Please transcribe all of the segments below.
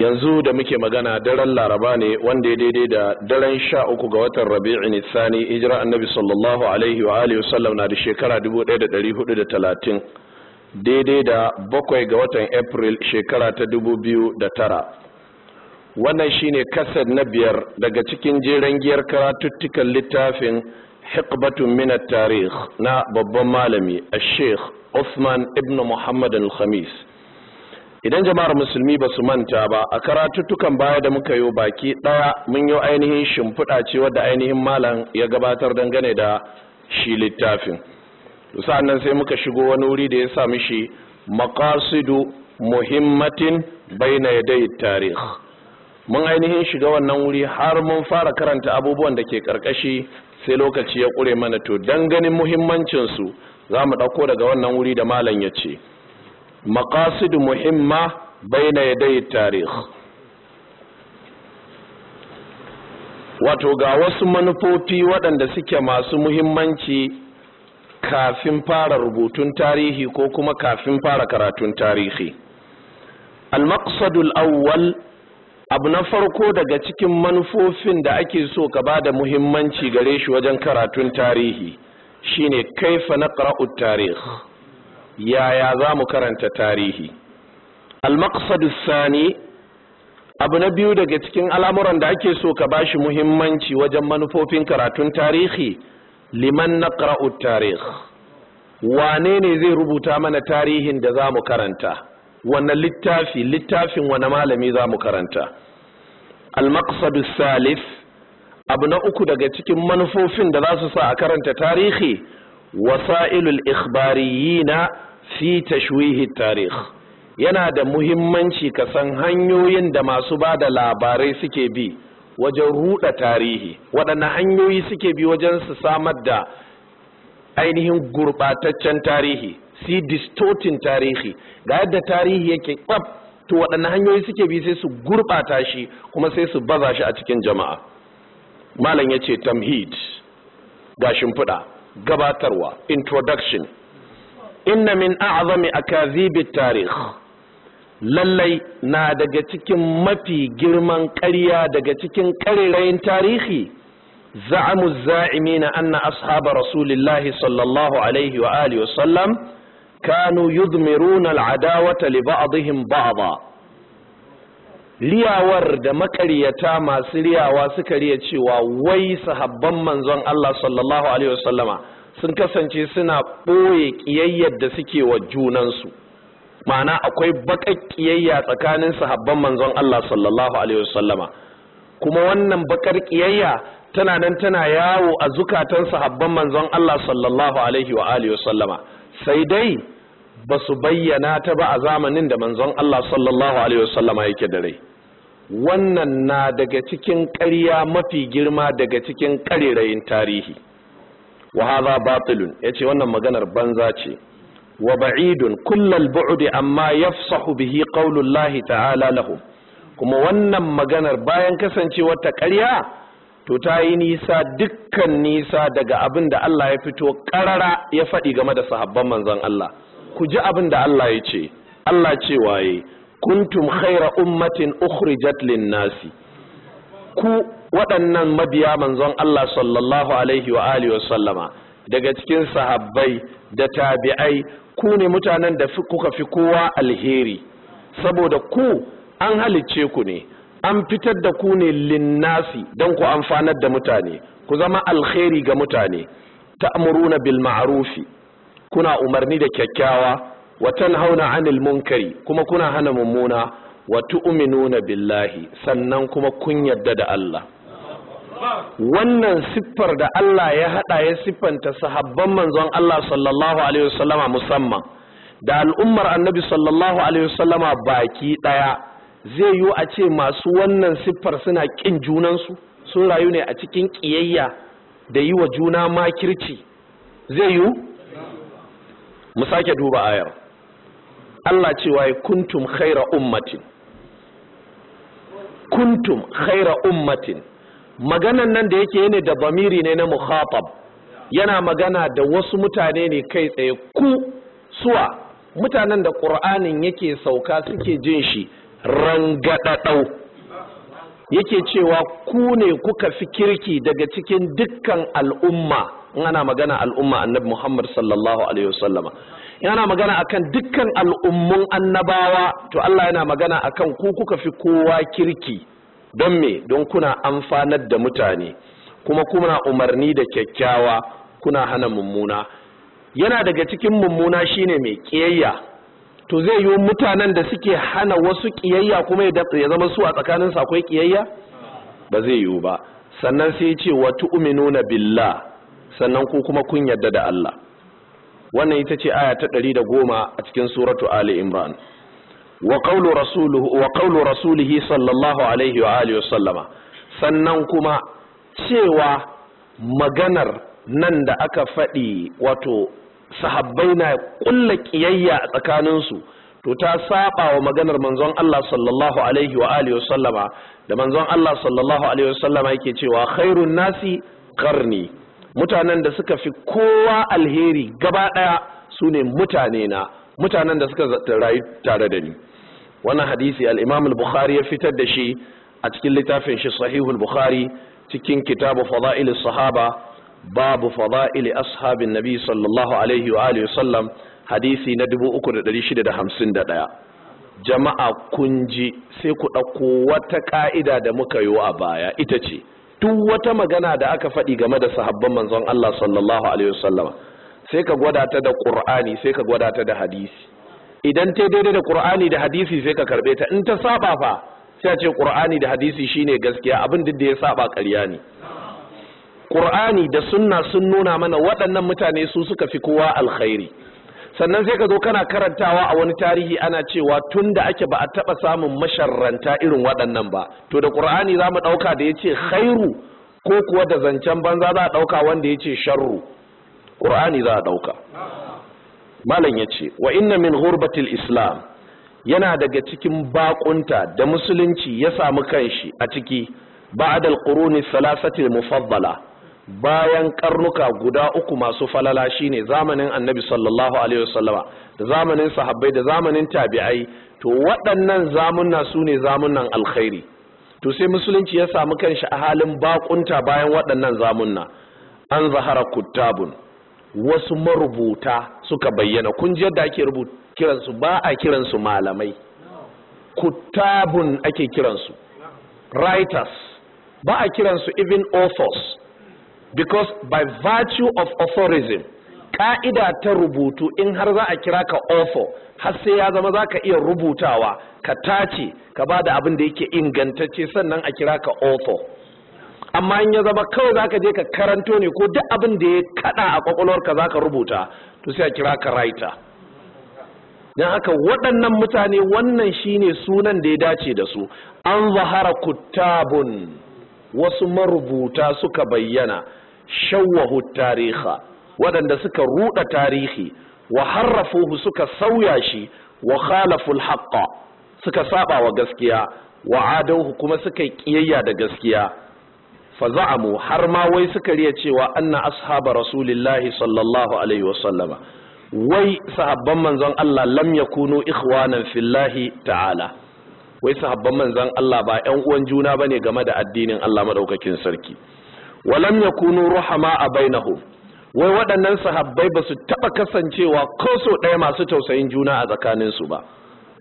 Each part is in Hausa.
yanzu da muke magana daren laraba ne wanda ya daidai da daren sha uku ga watan Rabi'u nisani hijira annabi sallallahu alaihi wa alihi wasallam na da shekara 1430 daidai da bakwai ga watan april shekara ta 2009 wannan shine kasar na biyar daga cikin jeren giyar karatuttukan littafin hikbatun min tarih na babban malami a sheikh Usman ibn Muhammad al-Khamis idan jama'ar musulmi ba su manta ba a karatuttukan baya da muka yi baki ɗaya mun yi ainihin shimfiɗa ce wadda ainihin malam ya gabatar dangane da shi littafin sa'an nan sai muka shigo wani wuri da ya sa mishi maqasidu muhimmatin baina yadai tarikh mun ainihin shiga wannan wuri har mun fara karanta abubuwan da ke karkashi sai lokaci ya ƙure mana to ganin muhimmancinsu za mu ɗauko daga wannan wuri da malam ya ce maqasid muhimma baina yadai tarih wato ga wasu manufofi waɗanda suke masu muhimmanci kafin fara rubutun tarihi ko kuma kafin fara karatun tarihi al awwal abu na farko daga cikin manufofin da ake so ka ba da muhimmanci gare shi wajen karatun tarihi shine kaifa na tarih yaya za mu karanta tarihi al sani abu na biyu daga cikin al'amuran da ake so ka bashi muhimmanci wajen manufofin karatun tarihi liman naqra'u tarikh wane ne zai rubuta mana tarihin da za mu karanta wannan littafi littafin wani malami za mu karanta al-maqsad salif abu na uku daga cikin manufofin da za su sa a karanta tarihi wasa'ilul ikhbariyina fi tashwihi tarih yana da muhimmanci ka san hanyoyin da masu ba da labarai suke bi wajen ruɗa tarihi waɗanne hanyoyi suke bi wajen su samar da ainihin gurɓataccen tarihi si distortin tarihi ga yadda tarihi yake kwab to waɗanne hanyoyi suke bi sai su gurɓata shi kuma sai su baza shi a cikin jama'a malam ya ce tamhid ga shimfiɗa gabatarwa introduction inna min a'zami akadhibi tarikh lallai na daga cikin mafi girman ƙarya daga cikin ƙarerayin tarihi za'amu na anna ashaba Rasulillah sallallahu alaihi wa alihi wasallam kanu yudmiruna al'adawata li ba'dihim ba'da riyawar da makaryata masu riyawa suka riya cewa wai sahabban manzon Allah sallallahu alaihi wasallama sun kasance suna ɓoye ƙiyayyar da suke wa junansu ma'ana akwai baƙar ƙiyayya tsakanin sahabban manzon Allah sallallahu alaihi wasallama kuma wannan baƙar ƙiyayya tana nan tana yawo a zukatan sahabban manzon Allah sallallahu alaihi wa alihi wasallama sai dai ba su bayyana ta ba a zamanin da manzon Allah sallallahu alaihi wasallama yake da rai wannan na daga cikin ƙarya mafi girma daga cikin ƙarerayin tarihi wa hadha batilun yace wannan maganar banza ce wa ba'idun kullal bu'di amma yafsahu bihi qaulullahi ta'ala lahum kuma wannan maganar bayan kasance ta ƙarya to ta yi nisa dukkan nisa daga abin da Allah ya fito karara ya faɗi game da sahabban manzon Allah ku ji abin da Allah ya ce Allah ce waye kuntum khaira ummatin ukhrijat lin nasi ku waɗannan mabiya manzon Allah sallallahu alaihi wa alihi wa sallama daga cikin sahabbai da tabi'ai ku ne mutanen da kuka fi kowa alheri saboda ku an halicce ku ne an fitar da ku ne linnasi don ku amfanar da mutane ku zama alheri ga mutane Ta amuruna bil ma'arufi kuna umarni da kyakkyawa wa tanhauna 'anil munkari kuma kuna hana mummuna wa tu'minuna billahi sannan kuma kun yarda da Allah wannan siffar da Allah ya hada ya siffanta sahabban manzon Allah sallallahu alaihi wasallama musamman da al'ummar annabi sallallahu alaihi wasallama baki daya zai yi a ce masu wannan siffar suna kin junansu sun rayu ne a cikin kiyayya da yi wa juna makirci zai yi mu sake duba ayar Allah cewa ya kuntum khaira ummatin kuntum khaira ummatin maganan nan da yake ne da bamiri ne na mukhatab yana magana da wasu mutane ne kai tsaye ku suwa mutanen da ƙur'anin yake sauka suke jin shi rangadadau yake cewa ku ne kuka fi kirki daga cikin dukkan al'umma ana magana al'umma annabi Muhammad sallallahu alaihi wasallama yana magana akan dukkan al'ummun annabawa to Allah yana magana akan ku kuka fi kowa kirki don me don kuna amfanar da mutane kuma kuna umarni da kyakkyawa kuna hana mummuna yana daga cikin mummuna shine mai kiyayya to zai yi mutanen da suke hana wasu kiyayya kuma ya zama su a tsakanin akwai kiyayya ba zai yiwu ba sannan sai ce wa tu'minuna billah sannan ku kuma kun yarda da Allah wannan ita ce aya ta ɗari da goma a cikin suratu ali imran wa qawlu rasuluhu wa qawlu rasulihi sallallahu alaihi wa alihi wasallama sannan kuma cewa maganar nan da aka faɗi wato sahabbai na ƙulla ƙiyayya a tsakaninsu to ta saba wa maganar manzon Allah sallallahu alaihi wa alihi wasallama da manzon Allah sallallahu alaihi wa sallama yake cewa khairun nasi qarni mutanen da suka fi kowa alheri gaba ɗaya su ne mutane na mutanen da suka rayu tare da ni wannan hadisi al-imam al-bukhari ya fitar da shi a cikin littafin shi sahihul bukhari cikin kitabu fada'il sahaba babu fada'il ashabin nabi sallallahu alaihi wa alihi sallam hadisi na 3651 jama'a kun ji sai ku ɗauko wata ka'ida da muka yi a baya ita ce duk wata magana da aka faɗi game da sahabban manzon Allah sallallahu alaihi wasallam sai ka gwada ta da Qur'ani sai ka gwada ta da hadisi idan ta daidai da Qur'ani da hadisi sai ka karbe ta in ta saba fa sai a ce Qur'ani da hadisi shine gaskiya abin duk da ya saba ƙarya ne Qur'ani da sunna sun nuna mana waɗannan mutane su suka fi kowa alkhairi sannan sai ka zo kana karantawa a wani tarihi ana cewa tun da ake ba a taɓa samun masharranta irin waɗannan ba to da ƙur'ani za mu ɗauka da ya ce khairu ko kuwa da zancen banza za a ɗauka wanda ya ce sharru ƙur'ani za a ɗauka malam ya ce wa inna min hurbatil islam yana daga cikin baƙunta da musulunci ya samu kanshi a ciki ba'adal quruni salasatil mufaddala bayan karnuka guda uku masu falala shine zamanin annabi sallallahu alaihi wasallama da zamanin sahabbai da zamanin tabi'ai to waɗannan zamunna su ne zamunnan alkhairi to sai musulunci ya samu kanshi a halin bakunta bayan waɗannan zamunna an zahara kuttabun wasu marubuta suka bayyana kun ji yadda ake kiransu ba a kiransu malamai kuttabun ake kiransu writers ba a kiransu even authors because by virtue of authorism ka'ida ta rubutu in har za a kira ka ofo har sai ya zama za ka iya rubutawa ka tace ka ba da abin da yake ingantacce sannan a kira ka author amma in ya zama kawai za ka je ka karanto ne ko duk abin da ya kada a kwakwalwarka za ka rubuta to sai a kira ka writer don haka waɗannan mutane wannan shine sunan da ya dace da su an zahara kuttabun wasu marubuta suka bayyana shawwahu tariha waɗanda suka ruɗa tarihi wa harrafuhu suka sauya shi wa khalaful haqqa suka saba wa gaskiya wa adauhu kuma suka kiyayya da gaskiya fa har ma wai suka riya cewa anna ashaba rasulillahi sallallahu alaihi wasallama wai sahabban manzon Allah lam yakunu ikhwanan fillahi ta'ala wai sahabban manzan Allah ba ƴan uwan juna bane game da addinin Allah madaukakin sarki walam yakunu Rahama a bainahum wai waɗannan sahabbai ba su taɓa kasancewa ko so ɗaya masu tausayin juna a tsakaninsu ba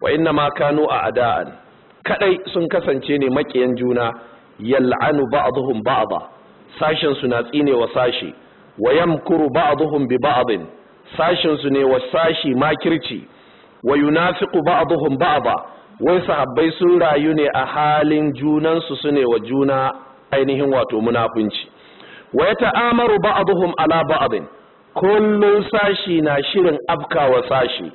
wa inna ma kanu a ada'an kadai sun kasance ne maƙiyan juna yal'anu ba'dhum ba'dha sashin su na tsine wa sashi wa yamkuru ba'dhum bi ba'dhin sashin su ne wa sashi makirci wa yunafiqu ba'dhum ba'dha wai sahabbai sun rayu ne a halin junansu su ne wa juna ainihin wato munafunci wa ya ta'amaru ba'aduhum ala ba'adin kullun sashi na shirin afkawa sashi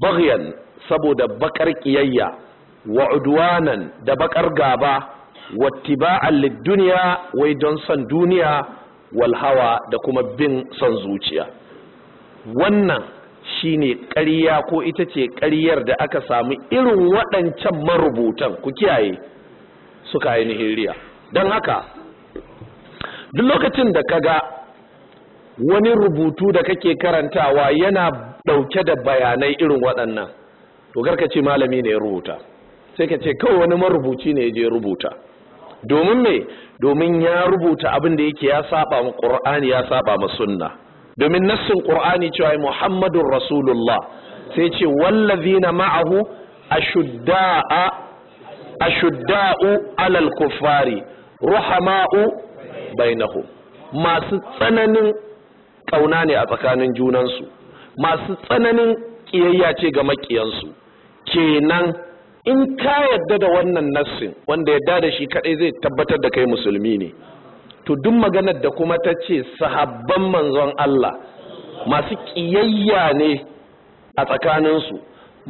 baghyan saboda bakar kiyayya wa udwanan da bakar gaba wa lid-dunya wai don san duniya wal hawa da kuma bin son zuciya wannan shine ƙarya ko ita ce ƙaryar da aka samu irin waɗancan marubutan ku kiyaye suka yi riya don haka duk lokacin da ka ga wani rubutu da kake karantawa yana ɗauke da bayanai irin waɗannan to ka ce malami ne ya rubuta sai ka ce kawai wani marubuci ne ya je rubuta domin me domin ya rubuta abin da yake ya saba ma ƙur'ani ya saba ma sunna domin nassin qur'ani cewa muhammadun rasulullah sai ce wallazina ma'ahu ashudda'a ashudda'u alal kuffari ruhama'u bainahu masu tsananin kauna ne a tsakanin junansu masu tsananin kiyayya ce ga makiyansu kenan in ka yadda da wannan nassin wanda yadda da shi kadai zai tabbatar da kai musulmi ne to duk maganar da kuma ta ce sahabban manzon Allah masu ƙiyayya ne a tsakaninsu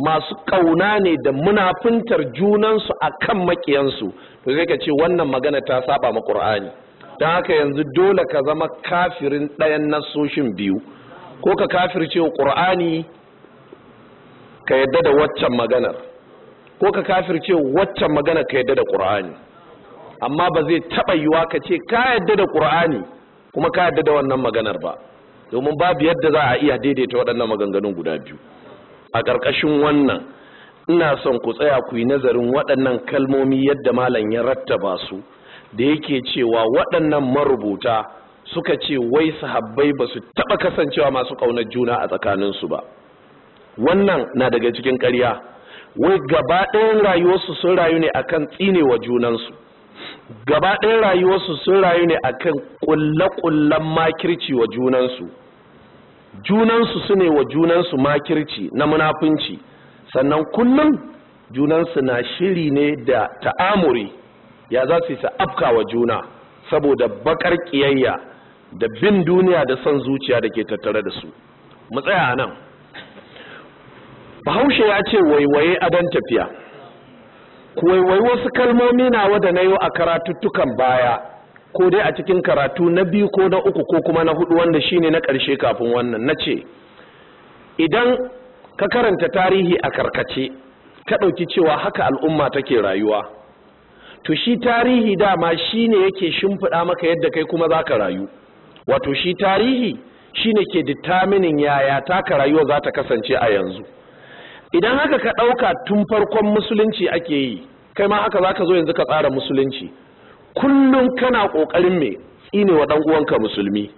masu ƙauna ne da munafuntar junansu a kan maƙiyansu to zai ka ce wannan magana ta saba ma ƙur'ani don haka yanzu dole ka zama kafirin ɗayan nasoshin biyu ko ka kafir ce ƙur'ani ka yadda da waccan maganar ko ka kafir ce waccan maganar ka yadda da ƙur'ani amma ba zai taɓa yiwa ka ce ka yadda da ƙur'ani kuma ka yadda da wannan maganar ba domin babu yadda za a iya daidaita waɗannan maganganun guda biyu a ƙarƙashin wannan ina son ku tsaya ku yi nazarin waɗannan kalmomi yadda malam ya rattaba su da yake cewa waɗannan marubuta suka ce wai sahabbai ba su taɓa kasancewa masu ƙaunar juna a tsakaninsu ba wannan na daga cikin ƙarya wai gaba ɗayan rayuwarsu sun rayu ne akan tsinewa junansu gaba ɗaya rayuwarsu sun rayu ne akan ƙulle-ƙullen makirci wa junansu junansu su ne wa junansu makirci na munafunci sannan kullum junansu na shiri ne da ta'amuri ya za su yi afka wa juna saboda bakar ƙiyayya da bin duniya da son zuciya da ke tattare da su mu tsaya nan bahaushe ya ce waiwaye adon tafiya waiwai wasu kalmomi na da na yi a karatuttukan baya ko dai a cikin karatu na biyu ko na uku ko kuma na hudu wanda shine na ƙarshe kafin wannan na ce idan ka karanta tarihi a karkace ka ɗauki cewa haka al'umma take rayuwa to shi tarihi dama ne yake shimfiɗa maka yadda kai kuma za ka rayu wato shi tarihi shine ke determining yaya taka rayuwa za ta kasance a yanzu idan haka ka ɗauka tun farkon musulunci ake yi kai ma haka za ka zo yanzu ka tsara musulunci kullum kana ƙoƙarin me tsine wa uwanka musulmi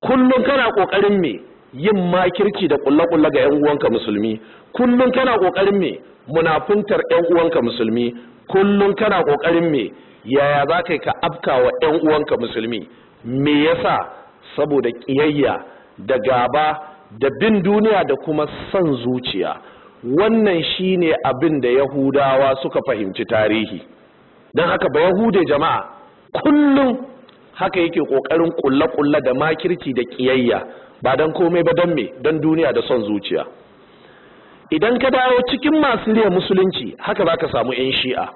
kullum kana ƙoƙarin me yin makirci da ƙulle-ƙulle ga 'yan'uwanka uwanka musulmi kullum kana ƙoƙarin me munafuntar 'yan uwanka musulmi kullum kana ƙoƙarin me yaya za ka yi ka afka wa 'yan uwanka musulmi me yasa saboda ƙiyayya da gaba da bin duniya da kuma son zuciya wannan shine abin da yahudawa suka fahimci tarihi don haka ba yahude jama'a kullum haka yake ƙoƙarin ƙulle-ƙulle da makirci da ƙiyayya ba don komai ba don me don duniya da son zuciya idan ka dawo cikin masu liya musulunci haka za ka samu 'yan shi'a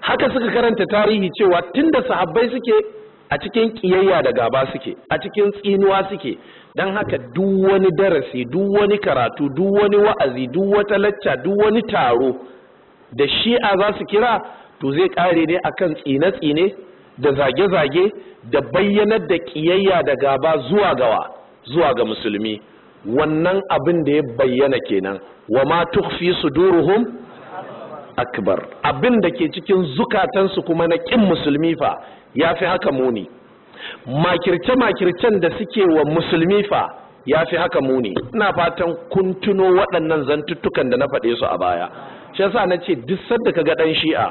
haka suka karanta tarihi cewa tun da sahabbai suke a cikin ƙiyayya da gaba suke a cikin tsinuwa suke don haka duk wani darasi duk wani karatu duk wani wa'azi duk wata lacca duk wani taro da shi'a za su kira to zai ƙare ne akan tsine-tsine da zage-zage da bayyanar da ƙiyayya da gaba zuwa gawa zuwa ga musulmi wannan abin da ya bayyana kenan wa ma su suduruhum akbar abin da ke cikin zukatansu kuma na ƙin musulmi fa ya fi haka muni makirce-makircen da suke wa musulmi fa ya fi haka muni ina fatan kun tuno waɗannan zantuttukan da na faɗe su a baya shi yasa na ce duk sadda ka ga ɗan shi'a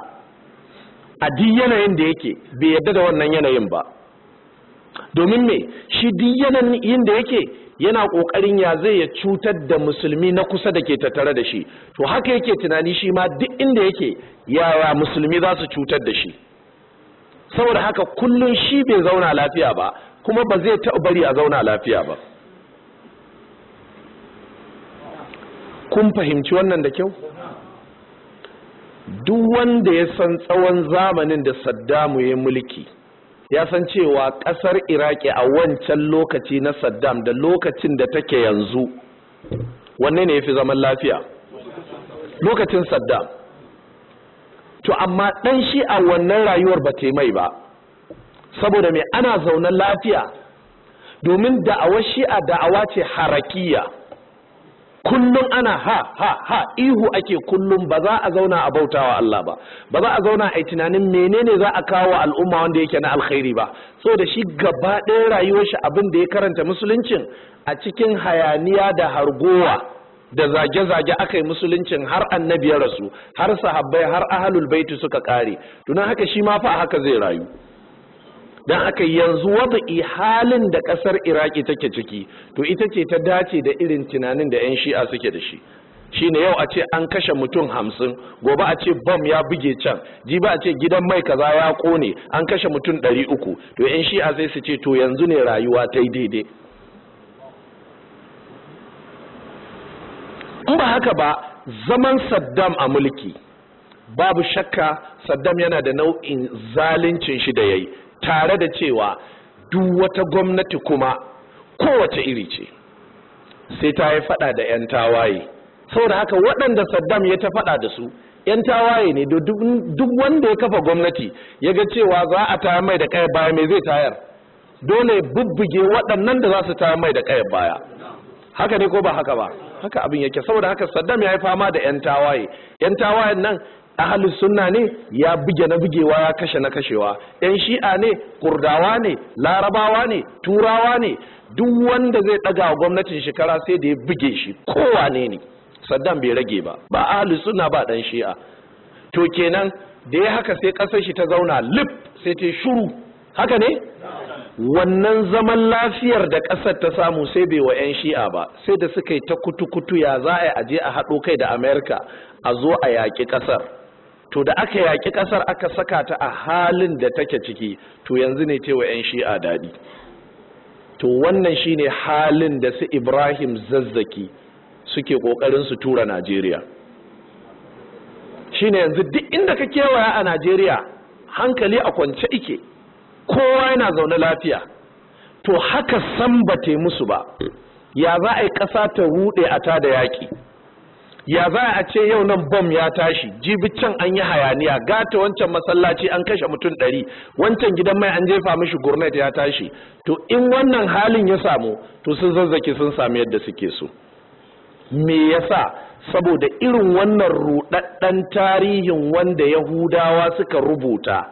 a duk yanayin da yake bai yadda da wannan yanayin ba domin me shi duk yanayin da yake yana ƙoƙarin ya zai ya cutar da musulmi na kusa da ke tattare da shi to haka yake tunani shi ma duk inda yake yara musulmi za su cutar da shi saboda haka kullum shi bai zauna lafiya ba kuma ba zai taɓa bari a zauna lafiya ba kun fahimci wannan da kyau duk wanda ya san tsawon zamanin da saddamu ya mulki ya san cewa ƙasar iraki a wancan lokaci na saddam da lokacin da take yanzu wanne ne ya fi zaman lafiya lokacin saddam to amma ɗan shi a wannan rayuwar ba ta mai ba saboda mai ana zaunan lafiya domin da'awar shi'a da'awa ce harakiya kullum ana ha ha ha ihu ake kullum ba za a zauna a bautawa Allah ba ba za a zauna a yi tunanin menene za a kawo wa al'umma wanda yake na alkhairi ba so da shi gaba ɗaya rayuwar shi abin da ya karanta musuluncin a cikin hayaniya da hargowa da zage-zage aka yi musuluncin har annabi ya rasu har sahabbai har ahalul baiti suka kare tunan haka shi ma fa haka zai rayu dan haka yanzu wada'i halin da kasar iraki take ciki to ita ce ta dace da irin tunanin da 'yan shi'a suke da shi shine yau a ce an kashe mutum hamsin gobe a ce bom ya buge can ji ba a ce gidan mai kaza ya kone an kashe mutum ɗari uku to 'yan shi'a zai su ce to yanzu ne rayuwa ta yi daidai in ba haka ba zaman saddam a mulki babu shakka saddam yana da nau'in zalincin shi da ya yi tare da cewa duk wata gwamnati kuma kowace iri ce sai ta yi fada da 'yan tawaye saboda haka waɗanda saddam ya ta fada da su 'yan tawaye ne duk wanda ya kafa gwamnati ya ga cewa za a tayar mai da kayan baya mai zai tayar dole bubbuge waɗannan da za su tayar mai da kayan baya haka ne ko ba haka ba haka abin yake saboda haka saddam ya yi fama da 'yan tawaye 'yan tawayen nan ahalin sunna ne ya buge na bugewa ya kashe na kashewa yan shi'a ne kurdawa ne larabawa ne turawa ne duk wanda zai daga gwamnatin shekara sai da ya buge shi kowane ne saddam bai rage ba ba ahalin sunna ba dan shi'a to kenan da ya haka sai kasar shi ta zauna lip sai ta shuru haka ne wannan zaman lafiyar da ƙasar ta samu sai bai wa 'yan shi'a ba sai da suka yi ta kutu-kutu ya za a aje a haɗo kai da amerika a zo a yaƙi ƙasar to da aka yaƙi ƙasar aka saka ta a halin da take ciki to yanzu ne wa 'yan shi'a daɗi to wannan shi ne halin da su ibrahim zazzaki suke ƙoƙarin su tura najeriya Shin yanzu duk inda ka kewaya a najeriya hankali a kwance ike kowa yana zaune lafiya to haka san ba musu ba ya za a yi ƙasa ta ruɗe a ta da yaƙi ya za a ce yau nan bom ya tashi jibi an yi hayaniya gata wancan masallaci an kashe mutum ɗari wancan gidan mai an jefa mishi gurnet ya tashi to in wannan halin ya samu to sun zazzaki sun sami yadda suke so me yasa saboda irin wannan ruɗaɗɗen tarihin wanda yahudawa suka rubuta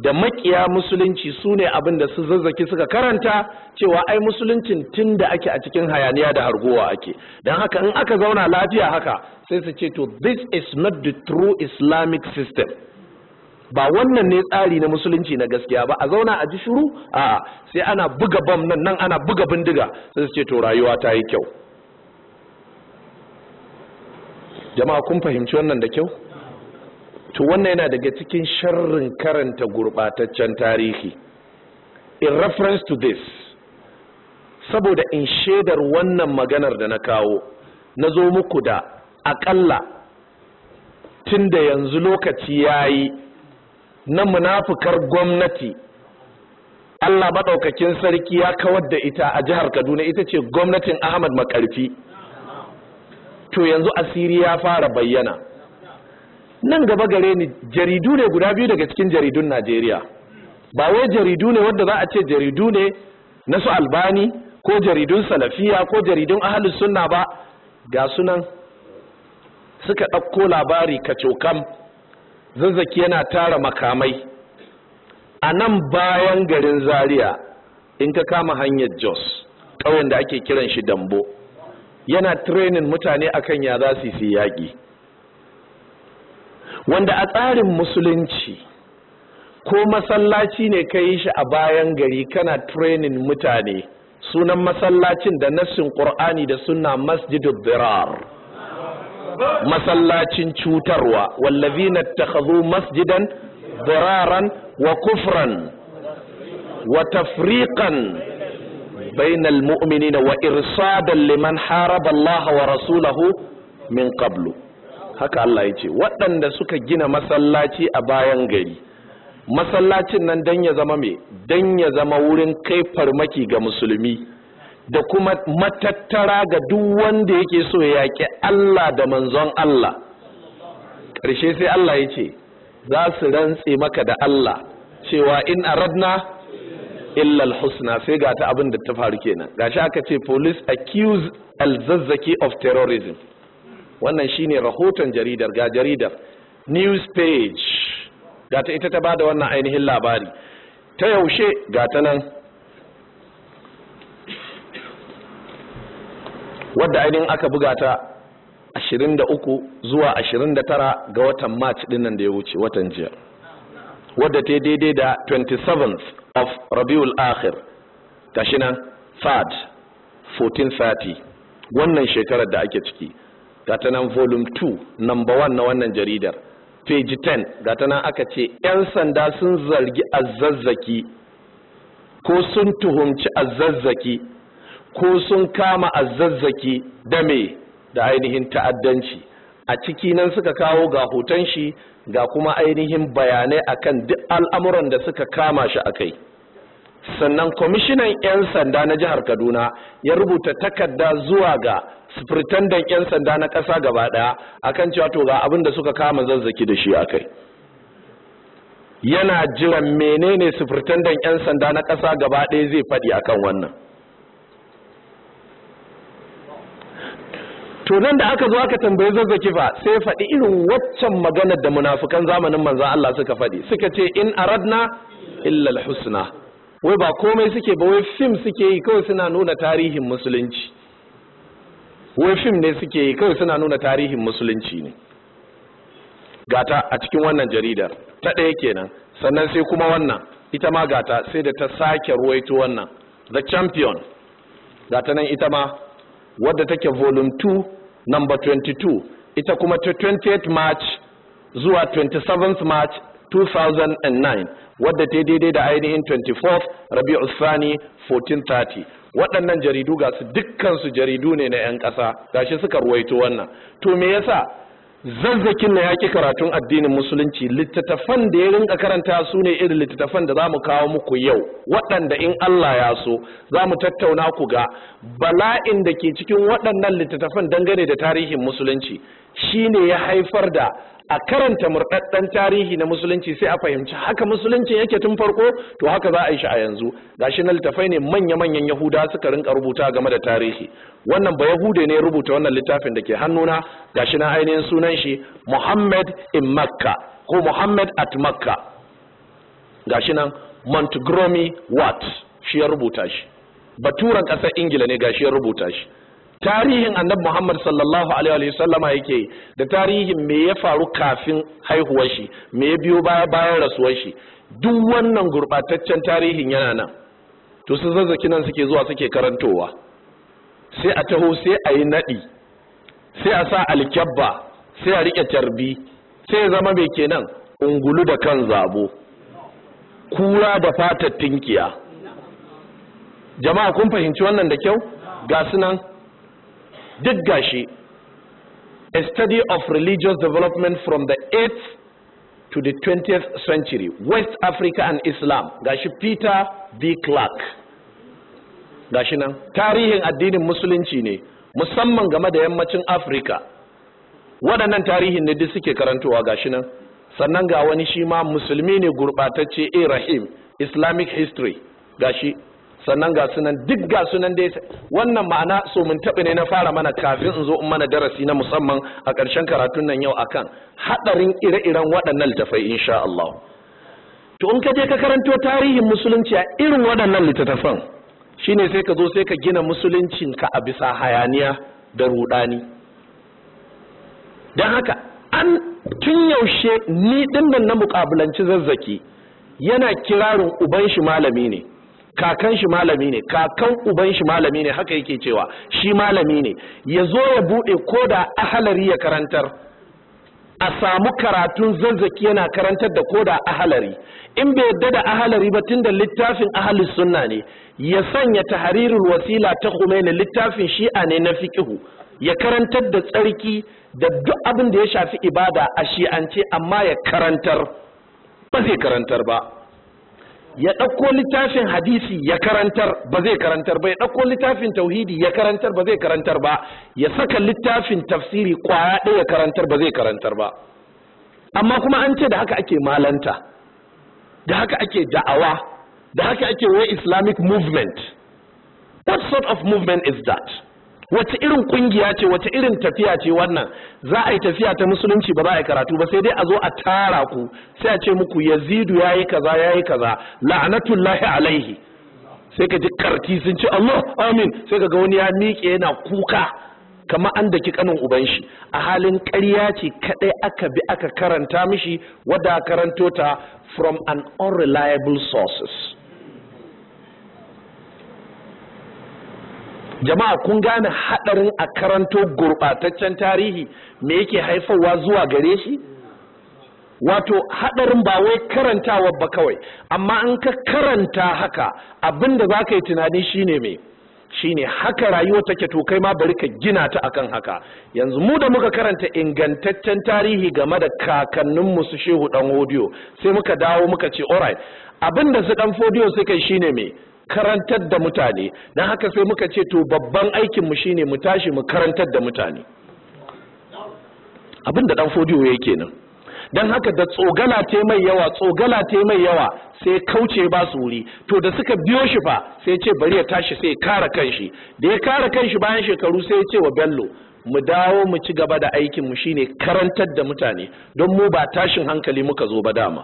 da makiya musulunci su ne abin da su zazzaki suka karanta cewa ai musuluncin tun da ake a cikin hayaniya da harguwa ake don haka in aka zauna lafiya haka sai su ce to this is not the true islamic system ba wannan ne tsari na musulunci na gaskiya ba a zauna a ji shuru? a sai ana buga bam nan nan ana buga bindiga sai su ce to rayuwa ta yi kyau jama'a kun fahimci wannan da kyau to wannan yana daga cikin sharrin karanta gurbataccen tarihi in reference to this saboda in shaidar wannan maganar da na kawo na zo muku da akalla tun da yanzu lokaci ya yi na munafukar gwamnati Allah maɗaukakin sarki ya kawar da ita a jihar Kaduna ita ce gwamnatin Ahmad Makarfi to yanzu asiri ya fara bayyana nan gaba gare ni jaridu ne guda biyu daga cikin jaridun Najeriya ba wai jaridu ne wanda za a ce jaridu ne na su albani ko jaridun salafiya ko jaridun ahalus sunna ba ga sunan suka ɗauko labari kacokam zazzaki yana tara makamai a nan bayan garin zaria in ka kama hanyar jos ƙauyen da ake kiran shi dambo yana trenin mutane akan ya za su yi yaƙi wanda a tsarin musulunci ko masallaci ne ka yi shi a bayan gari kana training mutane sunan masallacin da nassin ƙur'ani da suna masjidul dirar masallacin cutarwa wallazina takhadhu masjidan diraran wa kufran wa tafriƙan, bainal mu'minina wa irsadan liman haraba wa rasulahu min qablu haka Allah ya ce waɗanda suka gina masallaci a bayan gari masallacin nan dan ya zama me dan ya zama wurin kai farmaki ga musulmi da kuma matattara ga duk wanda yake so ya yaƙi Allah da manzon Allah ƙarshe sai Allah ya ce za su rantse maka da Allah cewa in aradna illal husna sai ga ta abin da ta faru kenan gashi aka ce police accuse alzazzaki of terrorism wannan shine rahoton jaridar ga jaridar news page ga ta ita ta bada wannan ainihin labari ta yaushe ga ta nan wadda ainihin aka buga ta 23 zuwa 29 ga watan march nan da ya wuce watan jiya wadda ta daidai da 27th of rabiul akhir tashi nan 3rd 1430 wannan shekarar da ake ciki gata nan volume 2 number 1 na wannan jaridar page 10 gata nan aka ce 'yan sanda sun zargi azazzaki ko sun tuhumci azazzaki ko sun kama azazzaki da me da ainihin ta'addanci a ciki nan suka kawo ga hoton shi ga kuma ainihin bayanai akan duk al'amuran da suka kama shi a kai sannan kwamishinan 'yan sanda na jihar kaduna ya rubuta takarda zuwa ga sufritandan 'yan sanda na ƙasa gaba ɗaya akan cewa to ga abin da suka kama zazzaki da shi a kai yana jiran menene sufritandan 'yan sanda na ƙasa gaba ɗaya zai faɗi akan wannan to nan da aka zo aka tambayi zazzaki fa sai faɗi irin waccan maganar da munafukan zamanin manzan Allah suka faɗi suka ce in aradna illal husna wai ba komai suke ba wai fim suke yi kawai suna nuna tarihin musulunci wai fim ne suke yi kawai suna nuna tarihin musulunci ne gata a cikin wannan jaridar ta ɗaya kenan sannan sai kuma wannan ita ma gata sai da ta sake ruwaito wannan the champion gata nan ita ma wadda take volume 2 number 22 ita kuma ta 28 march zuwa 27 march 2009 wadda ta daidai da ainihin 24 rabi'u sani 1430 waɗannan jaridu ga su dukkansu jaridu ne na 'yan ƙasa ga shi suka ruwaito wannan to me yasa zazzakin na yaƙi karatun addinin musulunci littattafan da ya rinka karanta su ne irin littattafan da za mu kawo muku yau waɗanda in Allah ya so za mu tattauna ku ga bala'in da ke cikin waɗannan littattafan dangane da tarihin musulunci shine ya haifar da a karanta murɗaɗɗen tarihi na musulunci sai a fahimci haka musulunci yake tun farko to haka za a yi shi a yanzu gashi na littafai ne manya-manyan yahuda suka rinka rubuta game da tarihi wannan ba yahude ne rubuta wannan littafin da ke hannuna gashi na ainihin sunan shi muhammad in makka ko muhammad at makka gashi nan montgomery watt shi ya rubuta shi baturan ƙasar ingila ne gashi ya rubuta shi tarihin annabi Muhammad sallallahu alaihi wa sallama yake da tarihin me ya faru kafin haihuwar shi me ya biyo baya bayan rasuwar shi duk wannan gurbataccen tarihin yana nan to su zazzaki nan suke zuwa suke karantowa sai a taho sai a yi naɗi sai a sa alkyabba sai a riƙe tarbi sai ya zama mai kenan ungulu da kan zabo kura da fatar tinkiya jama'a kun fahimci wannan da kyau ga su nan duk gashi a study of religious development from the 8th to the 20th century west africa and islam gashi peter b clark gashi nan tarihin addinin musulunci ne musamman game da yammacin afirka waɗannan tarihin ne duk suke karantowa gashi nan sannan ga wani shi ma musulmi ne gurɓatacce irahim eh, islamic history gashi sannan ga sunan duk ga sunan dai wannan ma'ana so mun taɓa ne na fara mana kafin in zo in mana darasi na musamman a ƙarshen karatun nan yau akan haɗarin ire-iren waɗannan littattafai, insha Allah to in ka je ka karanto tarihin musulunci a irin waɗannan littattafan shine sai ka zo sai ka gina musuluncinka a bisa hayaniya da ruɗani don haka an tun yaushe ni ɗin na muƙabulanci zazzaki yana kirarin uban shi malami ne kakan shi malami ne kakan uban shi malami ne haka yake cewa shi malami ne ya zo ya bude ko da ahalari ya karantar a samu karatun zazzaki yana karantar da ko da ahalari in bai yadda da ahalari ba tun da littafin ahalis sunna ne ya sanya tahrirul wasila ta Khomeini littafin shi'a ne na fi fiqhu ya karantar da tsarki da duk abin da ya shafi ibada a shi'ance amma ya karantar ba zai karantar ba ya ɗauko littafin hadisi ya karantar ba zai karantar ba ya ɗauko littafin tauhidi ya karantar ba zai karantar ba ya saka littafin tafsiri kwaya ɗaya ya karantar ba zai karantar ba amma kuma an ce da haka ake malanta da haka ake da'awa da haka ake wai islamic movement what sort of movement is that wata irin kungiya ce wata irin tafiya ce wannan za a yi tafiya ta musulunci ba za a yi karatu ba sai dai a zo a tara ku sai a ce muku yazidu ya yi kaza ya yi kaza la'anatullahi alaihi sai ka ji karti sun ce Allah amin sai ka ga wani ya miƙe yana kuka kama an daki kanin uban shi a halin ƙarya ce kaɗai aka bi aka karanta mishi wadda karanto ta from an unreliable sources jama'a kun gane haɗarin a karanto gurbataccen tarihi me yake haifarwa zuwa gare shi wato haɗarin ba wai karantawa ba kawai amma an ka karanta haka abinda za ka yi tunani shine me shine haka rayuwa take to kai ma bari ka gina ta akan haka yanzu mu da muka karanta ingantaccen tarihi game da kakanninmu su shehu dan hodiyo sai muka dawo muka ce alright abinda su dan fodiyo suka yi shine me karantar da mutane don haka sai muka ce to babban aikinmu shine mu tashi mu karantar da mutane abin da dan fodiyo yake nan don haka da tsogala ta mai yawa tsogala ta mai yawa sai kauce ba su wuri to da suka biyo shi fa sai ce bari ya tashi sai kara kanshi da ya kara kanshi bayan shekaru sai ya ce wa bello mu dawo mu ci gaba da aikinmu shine karantar da mutane don mu ba tashin hankali muka zo ba dama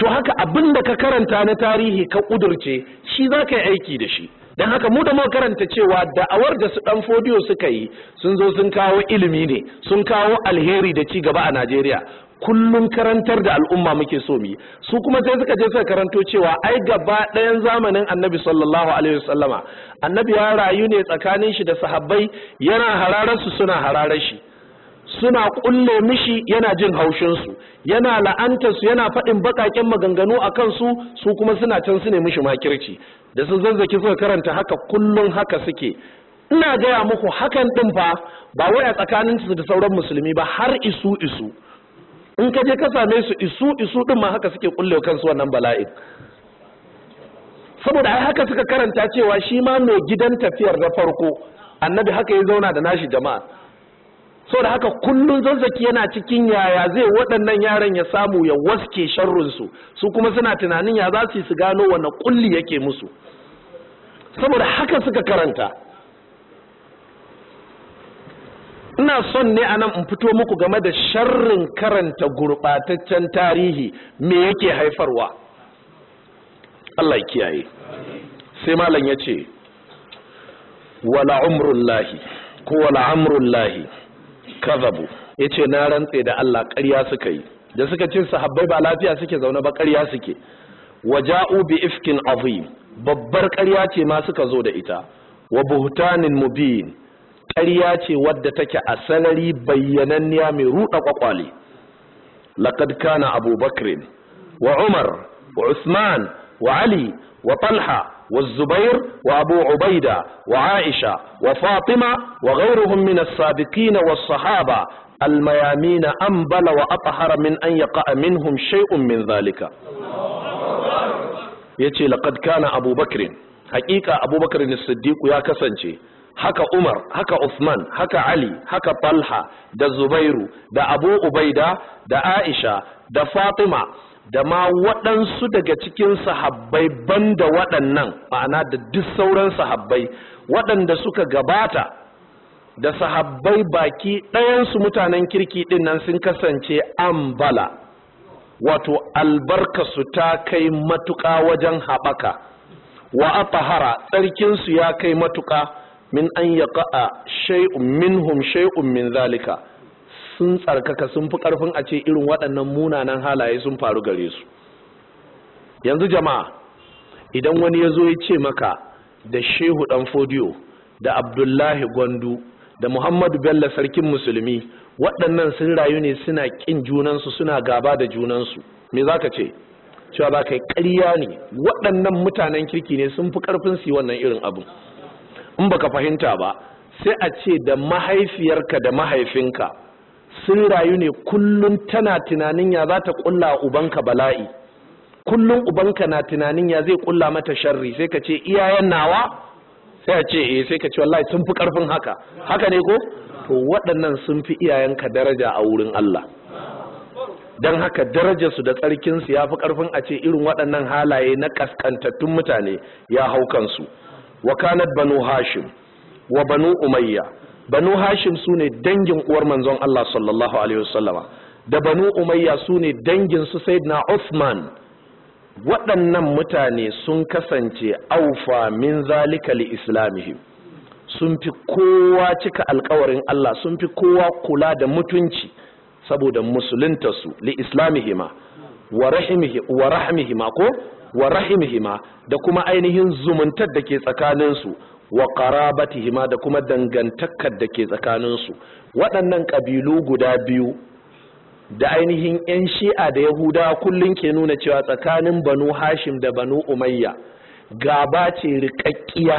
to haka abin da ka karanta na tarihi ka ƙudurce shi za ka yi aiki da shi don haka mu da muka karanta cewa da'awar da su dan fodiyo suka yi sun zo sun kawo ilimi ne sun kawo alheri da ci gaba a Najeriya kullum karantar da al'umma muke so mu su kuma sai suka je suka karanto cewa ai gaba ɗayan zamanin annabi sallallahu alaihi wasallama annabi ya rayu ne tsakanin shi da sahabbai yana hararar su suna hararar shi suna kulle mishi yana jin haushinsu yana la'antarsu yana faɗin baƙaƙen maganganu a kansu su kuma suna can su ne mishi makirci da sun zazzaki suka karanta haka kullum haka suke ina gaya muku hakan ɗin fa ba wai a tsakaninsu da sauran musulmi ba har isu isu in ka je ka same su isu isu ɗin ma haka suke kulle kansu wannan bala'in saboda ai haka suka karanta cewa shi ma mai gidan tafiyar na farko annabi haka ya zauna da nashi jama'a so da haka kullum zazzaki yana cikin yaya zai waɗannan yaran ya samu ya waske sharrunsu su kuma suna tunanin ya za su gano wane kulli yake musu saboda haka suka karanta ina son ne a nan in fito muku game da sharrin karanta gurɓataccen tarihi me yake haifarwa Allah ya kiyaye sai malam ya ce wala umrullahi ko wala amrullahi kazabu ce na rantse da Allah ƙarya suka yi da suka ce sahabbai ba lafiya suke zaune ba ƙarya suke waja'u bi ifkin azim babbar ƙarya ce ma suka zo da ita wa buhtanin mubin ƙarya ce wadda take a sanari bayyananniya mai ruɗa kwakwale laqad kana abubakar wa umar wa usman wa ali wa talha والزبير وأبو عبيدة وعائشة وفاطمة وغيرهم من السابقين والصحابة الميامين أنبل وأطهر من أن يقع منهم شيء من ذلك يتي لقد كان أبو بكر حقيقة أبو بكر الصديق يا كسنجي هكا عمر هكا عثمان هكا علي هكا طلحة دا الزبير دا أبو عبيدة دا عائشة دا فاطمة da ma waɗansu daga cikin sahabbai ban da waɗannan ma'ana da duk sauran sahabbai waɗanda suka gabata da sahabbai baki ɗayansu mutanen kirki ɗin nan sun kasance ambala wato albarka su ta kai matuƙa wajen haɓaka wa afahara tsarkinsu ya kai matuƙa min an yaƙa'a shay'un minhum shay'un min zalika sun tsarkaka sun fi karfin a ce irin waɗannan munanan halaye sun faru gare su yanzu jama'a idan wani ya zo ya ce maka da shehu dan fodiyo da abdullahi gwandu da muhammadu bello sarkin musulmi waɗannan sun rayu ne suna ƙin junansu suna gaba da junansu me za ka ce cewa ba kai ƙarya ne waɗannan mutanen kirki ne sun fi ƙarfin su wannan irin abu in baka fahimta ba sai a ce da mahaifiyarka da mahaifinka sun rayu ne kullum tana tunanin ya za ta kulla ubanka bala'i kullum ubanka na tunanin ya zai kulla mata sharri sai ka ce iyayen nawa sai a ce eh, sai ka ce wallahi sun fi karfin haka haka ne ko to waɗannan sun fi iyayenka daraja a wurin Allah don haka darajarsu da tsarkinsu ya fi karfin a ce irin waɗannan halaye na ƙasƙantattun mutane ya hau kansu wa kanat banu hashim wa banu umayya banu hashim su ne dangin uwar manzon Allah sallallahu alaihi wasallama da banu umayya su ne dangin su sayyidina Uthman waɗannan mutane sun kasance aufa min zalika li islamihim sun fi kowa cika alkawarin Allah sun fi kowa kula da mutunci saboda musulunta su li islamihima wa rahimihima ko wa rahimihima da kuma ainihin zumuntar da ke tsakaninsu wa hima da kuma dangantakar da ke tsakaninsu waɗannan ƙabilu guda biyu da ainihin 'yan shi'a da yahuda kullum ke nuna cewa tsakanin banu hashim da banu umayya gaba ce rikakkiya,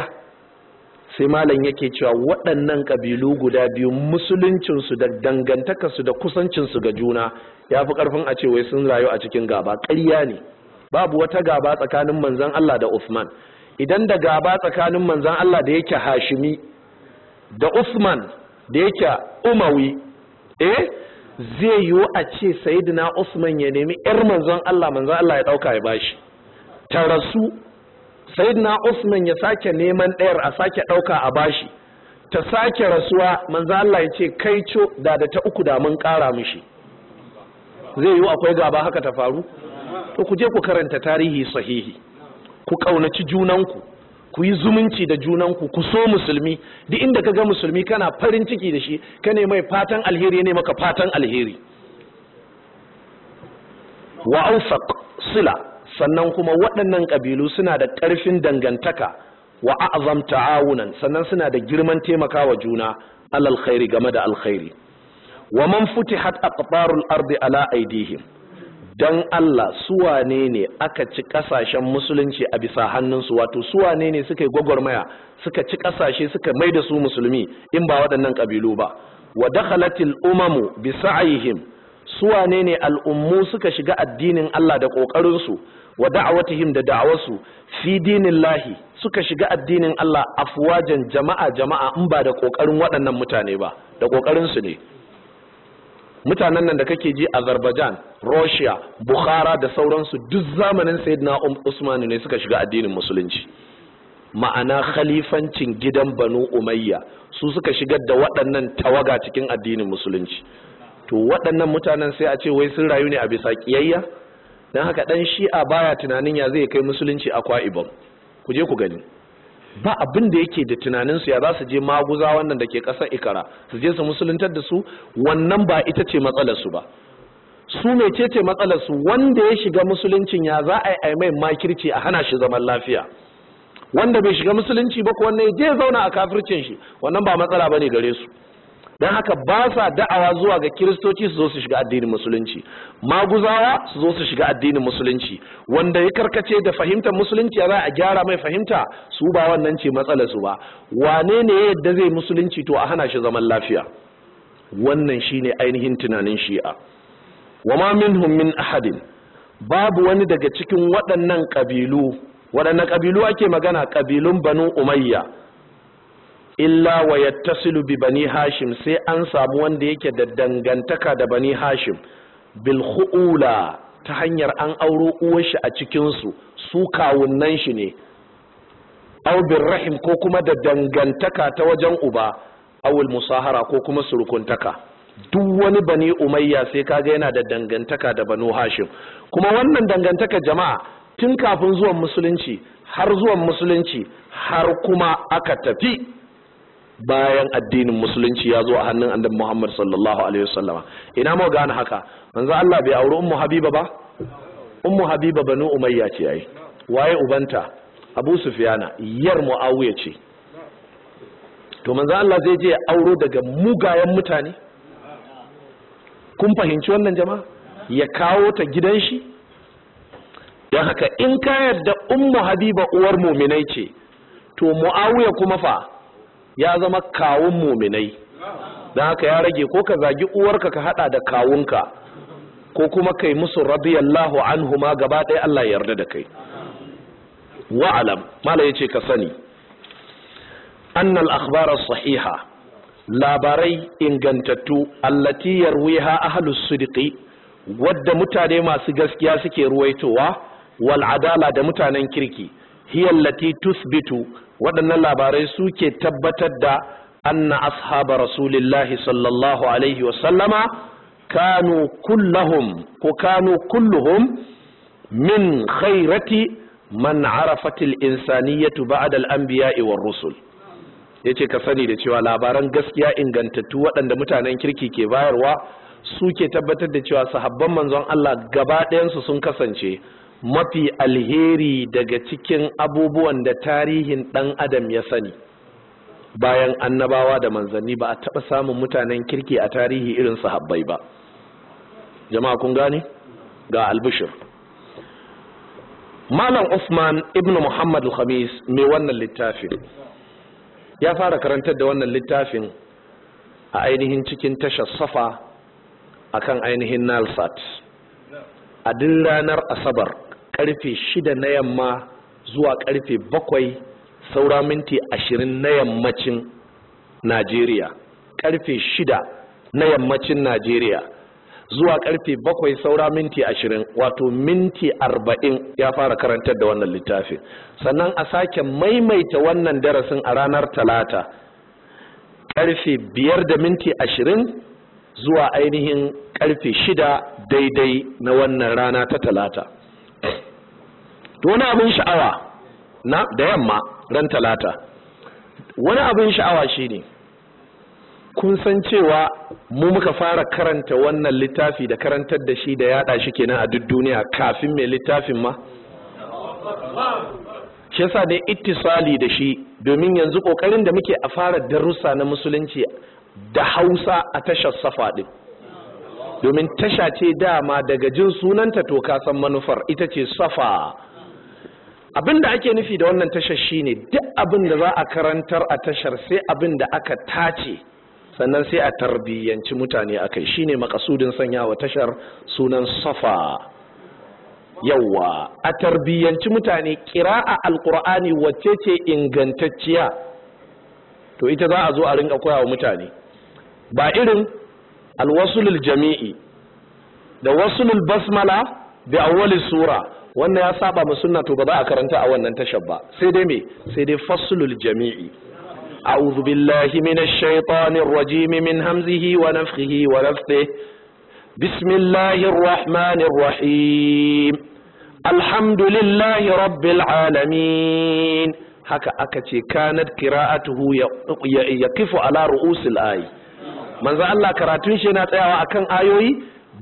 sai malam yake cewa waɗannan ƙabilu guda biyu musuluncinsu da dangantakarsu da kusancinsu ga juna ya fi ƙarfin a ce wai sun rayu a cikin gaba ƙarya ne babu wata gaba tsakanin manzon Allah da Uthman idan da gaba tsakanin manzan Allah da yake hashimi da usman da yake umawi eh zai yiwu a ce Sayyidina usman ya nemi yar manzan Allah manzan Allah ya dauka ya bashi ta rasu Sayyidina usman ya sake neman ɗayar a sake ɗauka a bashi ta sake rasuwa manzan Allah ya ce kai co da da ta uku da mun kara mishi zai yiwu akwai gaba haka ta faru to ku je ku karanta tarihi sahihi ku ƙaunaci junanku ku yi zumunci da junanku ku so musulmi duk inda ka ga musulmi kana farin ciki da shi ka ne mai fatan alheri ne maka fatan alheri wa aufaq sila sannan kuma waɗannan ƙabilu suna da ƙarfin dangantaka wa a'zam ta'awunan sannan suna da girman taimakawa juna alal khairi game da alkhairi wa man futihat aqtarul ardi ala aidihim dan Allah suwane ne aka ci kasashen musulunci a bisa hannunsu wato suwane ne suka yi gwagwarmaya suka ci kasashe suka mai da su musulmi in ba waɗannan kabilu ba wa dakhalatil umamu bi sa'ihim suwane ne al'ummu suka shiga addinin Allah da ƙoƙarinsu wa da'awatihim da da'awarsu fi dinin lahi suka shiga addinin Allah afwajan jama'a jama'a in ba da ƙoƙarin waɗannan mutane ba da ƙoƙarinsu ne mutanen nan da kake ji azerbaijan russia bukhara da sauransu duk zamanin sayyidina um usman ne suka shiga addinin musulunci ma'ana khalifancin gidan banu umayya su suka shigar da waɗannan tawaga cikin addinin musulunci to waɗannan mutanen sai a ce wai sun rayu ne a bisa kiyayya don haka ɗan shi'a baya tunanin ya zai kai musulunci a ibom ku je ku gani ba abin da yake da tunanin su ya za su je maguza wannan da ke ƙasar ikara su je su musuluntar da su wannan ba ita ce matsalarsu ba su ce matsalar su wanda ya shiga musuluncin ya za a yi mai makirci a hana shi zaman lafiya wanda bai shiga musulunci ba ko ya je zauna a kafircin shi wannan ba matsala ne gare su don haka ba sa da'awa zuwa ga kiristoci su zo su shiga addinin musulunci maguzawa su zo su shiga addinin musulunci wanda ya karkace da fahimtar musulunci za a gyara mai fahimta su ba wannan ce matsala su ba wane ne yadda zai musulunci to a hana shi zaman lafiya wannan shine ainihin tunanin shi'a wa ma minhum min ahadin babu wani daga cikin waɗannan ƙabilu waɗannan ƙabilu ake magana ƙabilun banu umayya illa wa yattasilu bi bani hashim sai an samu wanda yake da dangantaka da bani hashim bil khuula ta hanyar an auro uwar shi a cikin su su kawunnan shi ne aw bil rahim ko kuma da dangantaka ta wajen uba awul musahara ko kuma surukuntaka duk wani bani umayya sai kaga yana da dangantaka da banu hashim kuma wannan dangantaka jama'a tun kafin zuwan musulunci har zuwan musulunci har kuma aka tafi bayan addinin musulunci ya zo a hannun annabi Muhammad sallallahu alaihi wasallam ina mu gane haka manzo Allah bai auri ummu habiba ba ummu habiba banu umayya ce ai waye ubanta abu sufyana yar muawiya ce to manzo Allah zai je auro daga mugayen mutane kun fahimci wannan jama'a ya kawo ta gidan shi don haka in ka yarda ummu habiba uwar muminai ce to muawiya kuma fa ya zama kawun muminai don haka ya rage ko ka zagi uwarka ka hada da kawunka ko kuma kai musu radiyallahu anhu ma gaba ɗaya Allah ya yarda da kai wa'alam mala ce ka sani annal akhbara sahiha labarai ingantattu allati yarwiha ahlus sidqi wadda mutane masu gaskiya suke ruwaitowa wal'adala da mutanen kirki hiya allati tusbitu waɗannan labarai suke tabbatar da anna ashaba rasulillahi sallallahu alaihi wa kanu kullahum ko kanu kulluhum min khairati man arafatil insaniyatu ba'da al-anbiya'i war rusul yace ka sani da cewa labaran gaskiya ingantattu waɗanda mutanen kirki ke bayarwa suke tabbatar da cewa sahabban manzon Allah gaba ɗayansu sun kasance mafi alheri daga cikin abubuwan da tarihin ɗan adam ya sani bayan annabawa da manzanni ba a taɓa samun mutanen kirki a tarihi irin su sahabbai ba jama'a kun gane ga albishir malam usman ibn muhammad al-khamis mai wannan littafin ya fara karantar da wannan littafin a ainihin cikin tashar safa akan ainihin nalsat a din ranar asabar karfe shida na yamma zuwa karfe bakwai saura minti ashirin na yammacin najeriya karfe shida na yammacin najeriya zuwa karfe bakwai saura minti ashirin wato minti arba'in ya fara karantar da wannan littafin sannan a sake maimaita wannan darasin a ranar talata karfe biyar da minti ashirin zuwa ainihin karfe shida daidai na wannan rana ta talata to wani abin sha'awa da yamma ran talata wani abin sha'awa shi ne, kun san cewa mu muka fara karanta wannan littafi da karantar da shi da yada shi kenan a duk duniya kafin mai littafin ma shi yasa ne ittisali da shi domin yanzu ƙoƙarin da muke a fara darussa na musulunci da Hausa a tashar safa din domin tasha ce dama daga jin sunanta to ka san manufar ita ce safa abin da ake nufi da wannan tashar shine duk abin da za a karantar a tashar sai abin da aka tace sannan sai a tarbiyyanci mutane a kai shine makasudin sanya wa tashar sunan safa yawa. a tarbiyyanci mutane kira'a alkur'ani wacce ce ingantacciya to ita za a zo a rinka koya wa mutane ba irin الوصل الجميعي ده وصل البسملة بأول سورة وانا يا صعبة ما سنة تبضاء كرنتا او ان انتشبا سيدي مي سيدي فصل الجميعي أعوذ بالله من الشيطان الرجيم من همزه ونفخه ونفثه بسم الله الرحمن الرحيم الحمد لله رب العالمين هكا أكتي كانت قراءته يقف على رؤوس الآية manzo Allah karatun shi yana tsayawa akan ayoyi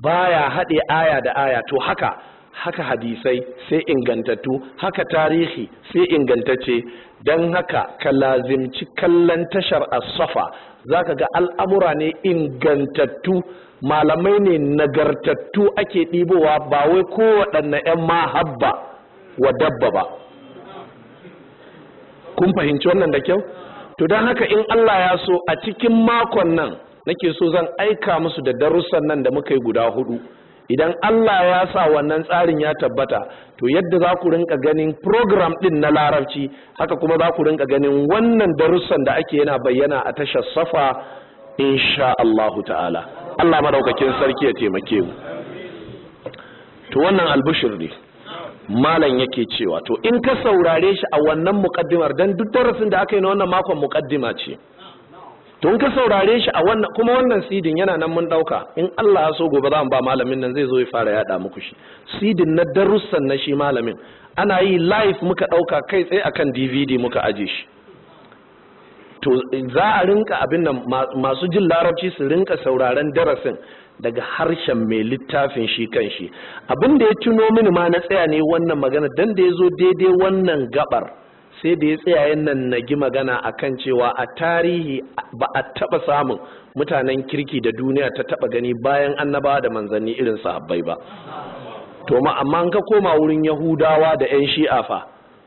baya haɗe aya da aya to haka haka hadisai sai ingantattu haka tarihi sai ingantacce don haka ka lazimci kallon tashar asafa za ka ga al'amura ne ingantattu malamai ne nagartattu ake ɗibowa ba wai kowaɗanne 'yan mahabba wa dabba ba kun fahimci wannan da kyau to don haka in allah ya so a cikin makon nan nake so zan aika musu da darussan nan da muka yi guda hudu idan Allah ya sa wannan tsarin ya tabbata to yadda za ku rinka ganin program din na larabci haka kuma za ku rinka ganin wannan darussan da ake yana bayyana a tashar safa insha Allah ta'ala Allah madaukakin sarki ya taimake mu to wannan albushir ne malam yake cewa to in ka saurare shi a wannan muqaddimar dan duk darasin da aka yi na wannan makon muqaddima ce in ka saurare shi a wannan kuma wannan sidin yana nan mun dauka in Allah ya so gobe za mu ba malamin nan zai zo ya fara yada muku shi sidin na darussan na shi malamin ana yi live muka dauka kai tsaye akan DVD muka aje shi to za a rinka abin nan masu jin larabci su rinka sauraren darasin daga harshen mai littafin shi kan shi abin da ya tuno mini ma na tsaya ne wannan magana dan da ya zo daidai wannan gabar sai da ya tsaya nan nagi magana a kan cewa a tarihi ba a taba samun mutanen kirki da duniya ta taba gani bayan annabawa da manzanni irin sahabbai ba to ma amma an ka koma wurin yahudawa da yan shi'a fa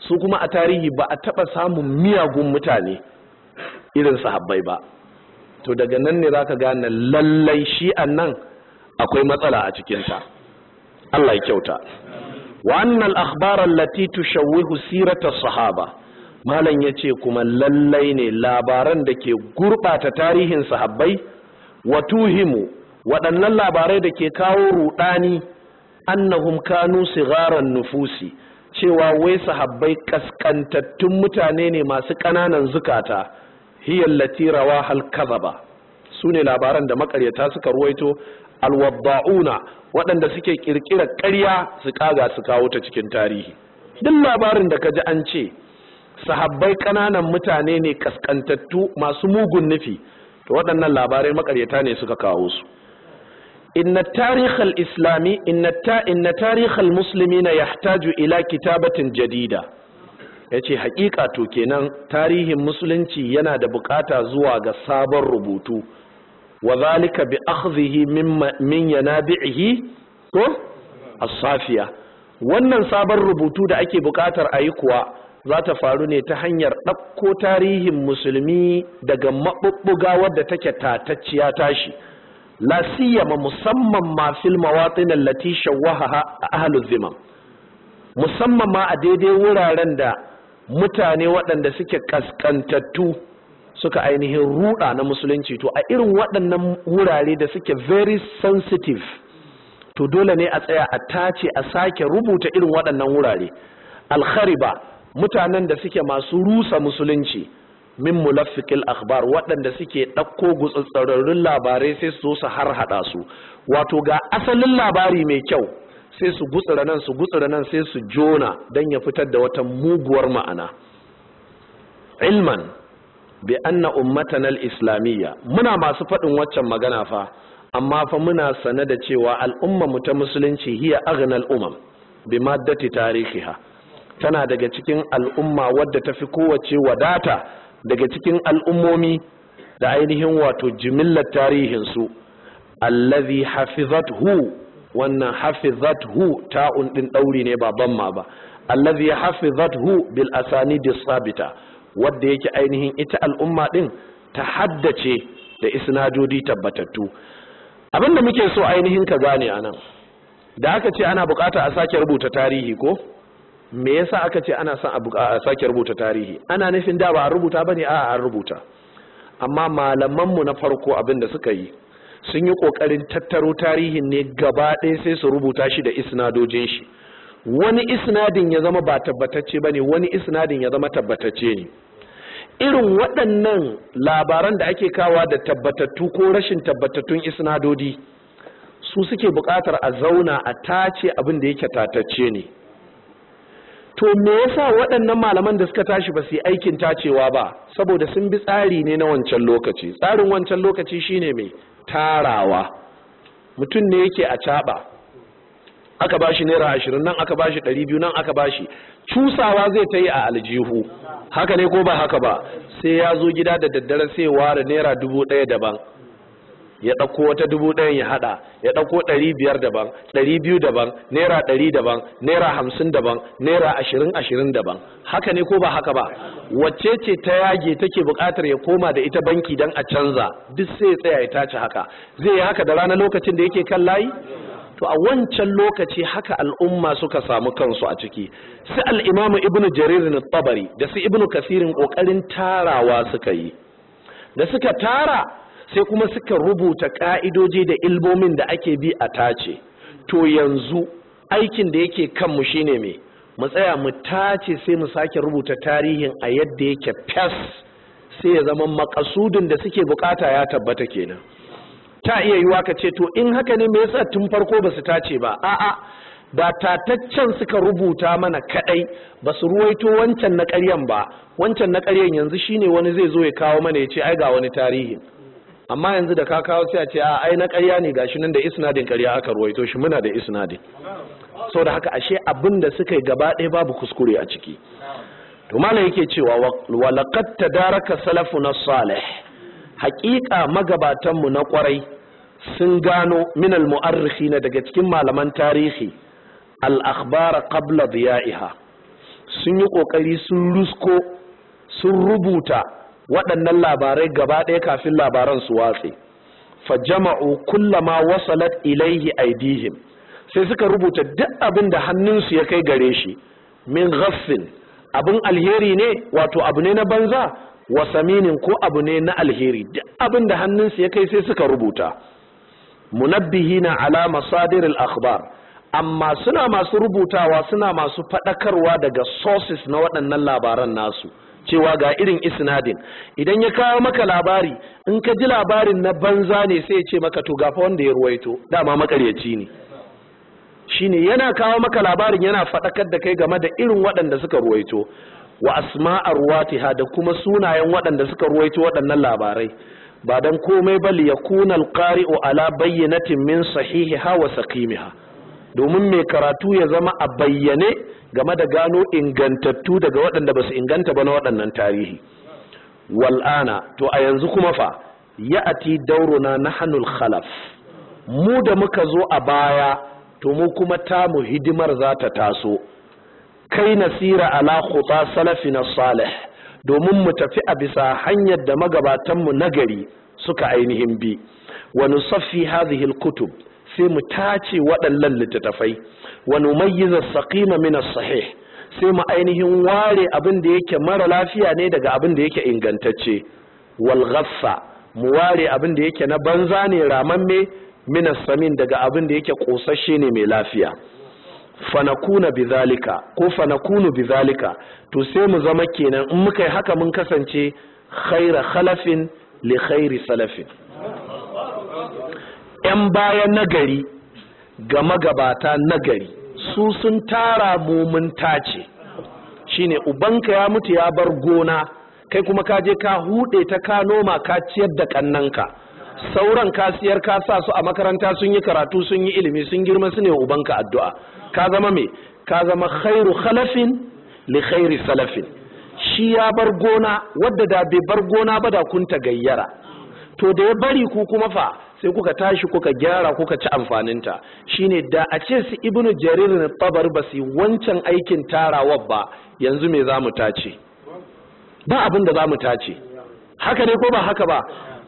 su kuma a tarihi ba a taba samun miyagun mutane irin sahabbai ba to daga nan ne zaka gane lallai shi'an nan akwai matsala a cikinta Allah ya kyauta wa annal akhbar allati tushawwihu sirata sahaba malam ya ce kuma lallai ne labaran da ke gurɓata tarihin sahabbai wa tuhimu waɗannan labarai da ke kawo ruɗani annahum kanu sigaran nufusi cewa wai sahabbai kaskantattun mutane ne masu ƙananan zukata hiyallati rawa hal kazaba su ne labaran da makaryata suka ruwaito alwabba'una waɗanda suke ƙirƙirar ƙarya su ƙaga su kawo ta cikin tarihi duk labarin da ka ji an ce sahabbai ƙananan mutane ne kaskantattu masu mugun nufi to waɗannan labarai makaryata ne suka kawo su inna tarihal islami inna ta inna tarihal na yahtaju ila kitabatin jadida yace haƙiƙa to kenan tarihin musulunci yana da bukata zuwa ga sabon rubutu wa zalika bi akhdhihi min yanabihi ko as-safiya wannan sabon rubutu da ake bukatar ayi kuwa za ta faru ne ta hanyar ɗauko tarihin musulmi daga maɓuɓɓuga wadda take tatacciya tashi la ma musamman ma fil mawatin allati shawwaha ahlu zimam musamman ma a daidai wuraren da mutane waɗanda suke kaskantattu suka ainihin ruɗa na musulunci to a irin waɗannan wurare da suke very sensitive to dole ne a tsaya a tace a sake rubuta irin waɗannan wurare alkhariba mutanen da suke masu rusa musulunci min mulaffikil akhbar waɗanda suke ɗauko gutsatsararrun labarai sai su zo su har hada su wato ga asalin labari mai kyau sai su gutsura nan su gutsura nan sai su jona dan ya fitar da wata muguwar ma'ana ilman bi anna ummatana al-islamiyya muna masu faɗin waccan magana fa amma fa muna sane da cewa al'ummar mu ta musulunci hiya aghnal umam bi maddati tarihiha tana daga cikin al'umma wadda ta fi kowace wadata daga cikin al'ummomi da ainihin wato jimillar tarihinsu allazi hafizathu wannan hafizathu ta'un din dauri ne ba ma ba allazi hafizathu bil asanidis sabita wadda yake ainihin ita al'umma din ta haddace da isnadodi tabbatattu abinda muke so ainihin ka gane anan da aka ce ana bukata a sake rubuta tarihi ko me yasa aka ce ana son a sake rubuta tarihi ana nufin da ba a rubuta ba ne a an rubuta amma malamanmu na farko abin da suka yi sun yi ƙoƙarin tattaro tarihin ne gaba ɗaya sai su rubuta shi da isnadojin shi wani isnadin ya zama ba tabbatacce ba ne wani isnadin ya zama tabbatacce ne irin waɗannan labaran da ake kawa da tabbatattu ko rashin tabbatattun isnadodi su suke buƙatar a zauna a tace abin da yake tatacce ne to me yasa waɗannan malaman da suka tashi ba su yi aikin tacewa ba saboda sun bi tsari ne na wancan lokaci tsarin wancan lokaci shine mai tarawa mutum ne yake a caɓa aka shi naira ashirin nan aka ba shi ɗari biyu nan aka ba shi. cusawa zai ta yi a aljihu haka ne ko ba haka ba sai ya zo gida da daddare sai ware naira dubu ɗaya daban ya ɗauko wata dubu ɗayan ya haɗa ya ɗauko ɗari biyar daban ɗari biyu daban naira ɗari daban naira hamsin daban naira ashirin ashirin daban haka ne ko ba haka ba wacce ce ta yage take buƙatar ya koma da ita banki don a canza duk sai ya tsaya ya tace haka zai yi haka da rana lokacin da yake kan layi to a wancan lokaci haka al'umma suka samu kansu a ciki su al'imamu ibnu jarir na tabari da su ibnu kasirin ƙoƙarin tarawa suka yi da suka tara sai kuma suka rubuta ka'idoji da ilbomin da ake bi a tace to yanzu aikin da yake kanmu shine mai, mu tsaya mu tace sai mu sake rubuta tarihin a yadda yake fes sai ya zama makasudin da suke bukata ya tabbata kenan ta iya yiwa ka ce to in haka ne me yasa tun farko ba su tace ba a'a ba tataccen suka rubuta mana kadai ba su ruwaito wancan na ƙaryan ba wancan na ƙaryan yanzu shine wani zai zo ya kawo mana ya ce ai ga wani tarihin amma yanzu da ka kawo sai a ce a ai na ƙarya ne gashi nan da isnadin karya aka ruwaito shi muna da isnadin sau da haka ashe abin da suka yi gaba ɗaya babu kuskure a ciki to malam yake cewa walaƙat ta daraka salafu na salih haƙiƙa magabatanmu na ƙwarai sun gano minal mu'arrihi na daga cikin malaman tarihi al al'akbara qabla diya'iha sun yi ƙoƙari sun rusko sun rubuta waɗannan labarai gaba ɗaya kafin labaran su watse fa jama'u kullama wasalat ilaihi aidihim sai suka rubuta duk abin da hannunsu ya kai gare shi min ghaffin abin alheri ne wato abu ne na banza wa saminin ko abu ne na alheri duk abin da hannunsu ya kai sai suka rubuta munabbihina na alama al-akhbar amma suna masu rubutawa suna masu faɗakarwa daga sources na waɗannan labaran nasu cewa ga irin isnadin idan ya kawo maka labari in ka ji labarin na banza ne sai ya ce maka to gafa wanda ya ruwaito dama makaryaci ne shine yana kawo maka labarin yana faɗakar da kai game da irin waɗanda suka ruwaito wa asma'ar watiha da kuma sunayen waɗanda suka ruwaito waɗannan labarai ba dan komai bal yakuna alqari'u ala bayyinatin min sahihiha wa sakimiha. domin mai karatu ya zama a bayyane game da gano ingantattu daga waɗanda ba su inganta ba na waɗannan tarihi wal'ana to a yanzu kuma fa ya ati dauruna na hannun khalaf mu da muka zo a baya to mu kuma tamu hidimar za ta taso kai nasira ala khuta salafina salih domin mu tafi a bisa hanyar da magabatanmu nagari suka ainihin bi wa nusaffi hadhihi kutub sai mu tace waɗannan littattafai wa numayyiza saqima min as-sahih sai mu ainihin ware abin da yake mara lafiya ne daga abin da yake ingantacce wal ghaffa mu ware abin da yake na banza ne ramamme min as-samin daga abin da yake kosasshe ne mai lafiya fanakuna bizalika ko fanakunu bizalika to sai mu zama kenan in muka yi haka mun kasance khaira khalafin li khairi salafin 'yan baya nagari ga magabata nagari su sun tara mumunta ce shine ubanka ya mutu ya bar gona kai kuma ka je ka hude ta ka noma ka ciyar da kannanka sauran kasiyar siyar ka sa su a makaranta sun yi karatu sun yi ilimi sun girma su ne ubanka addu'a ka zama me ka zama khairu khalafin li khairi salafin shi ya bar gona wadda da bai bar gona ba da kun ta gayyara to da ya bari ku kuma fa sai kuka tashi kuka gyara kuka ci amfaninta shine da a ce su ibnu jarir na tabar ba su wancan aikin tarawa ba yanzu me za mu tace ba abin da za mu tace haka ne ko ba haka ba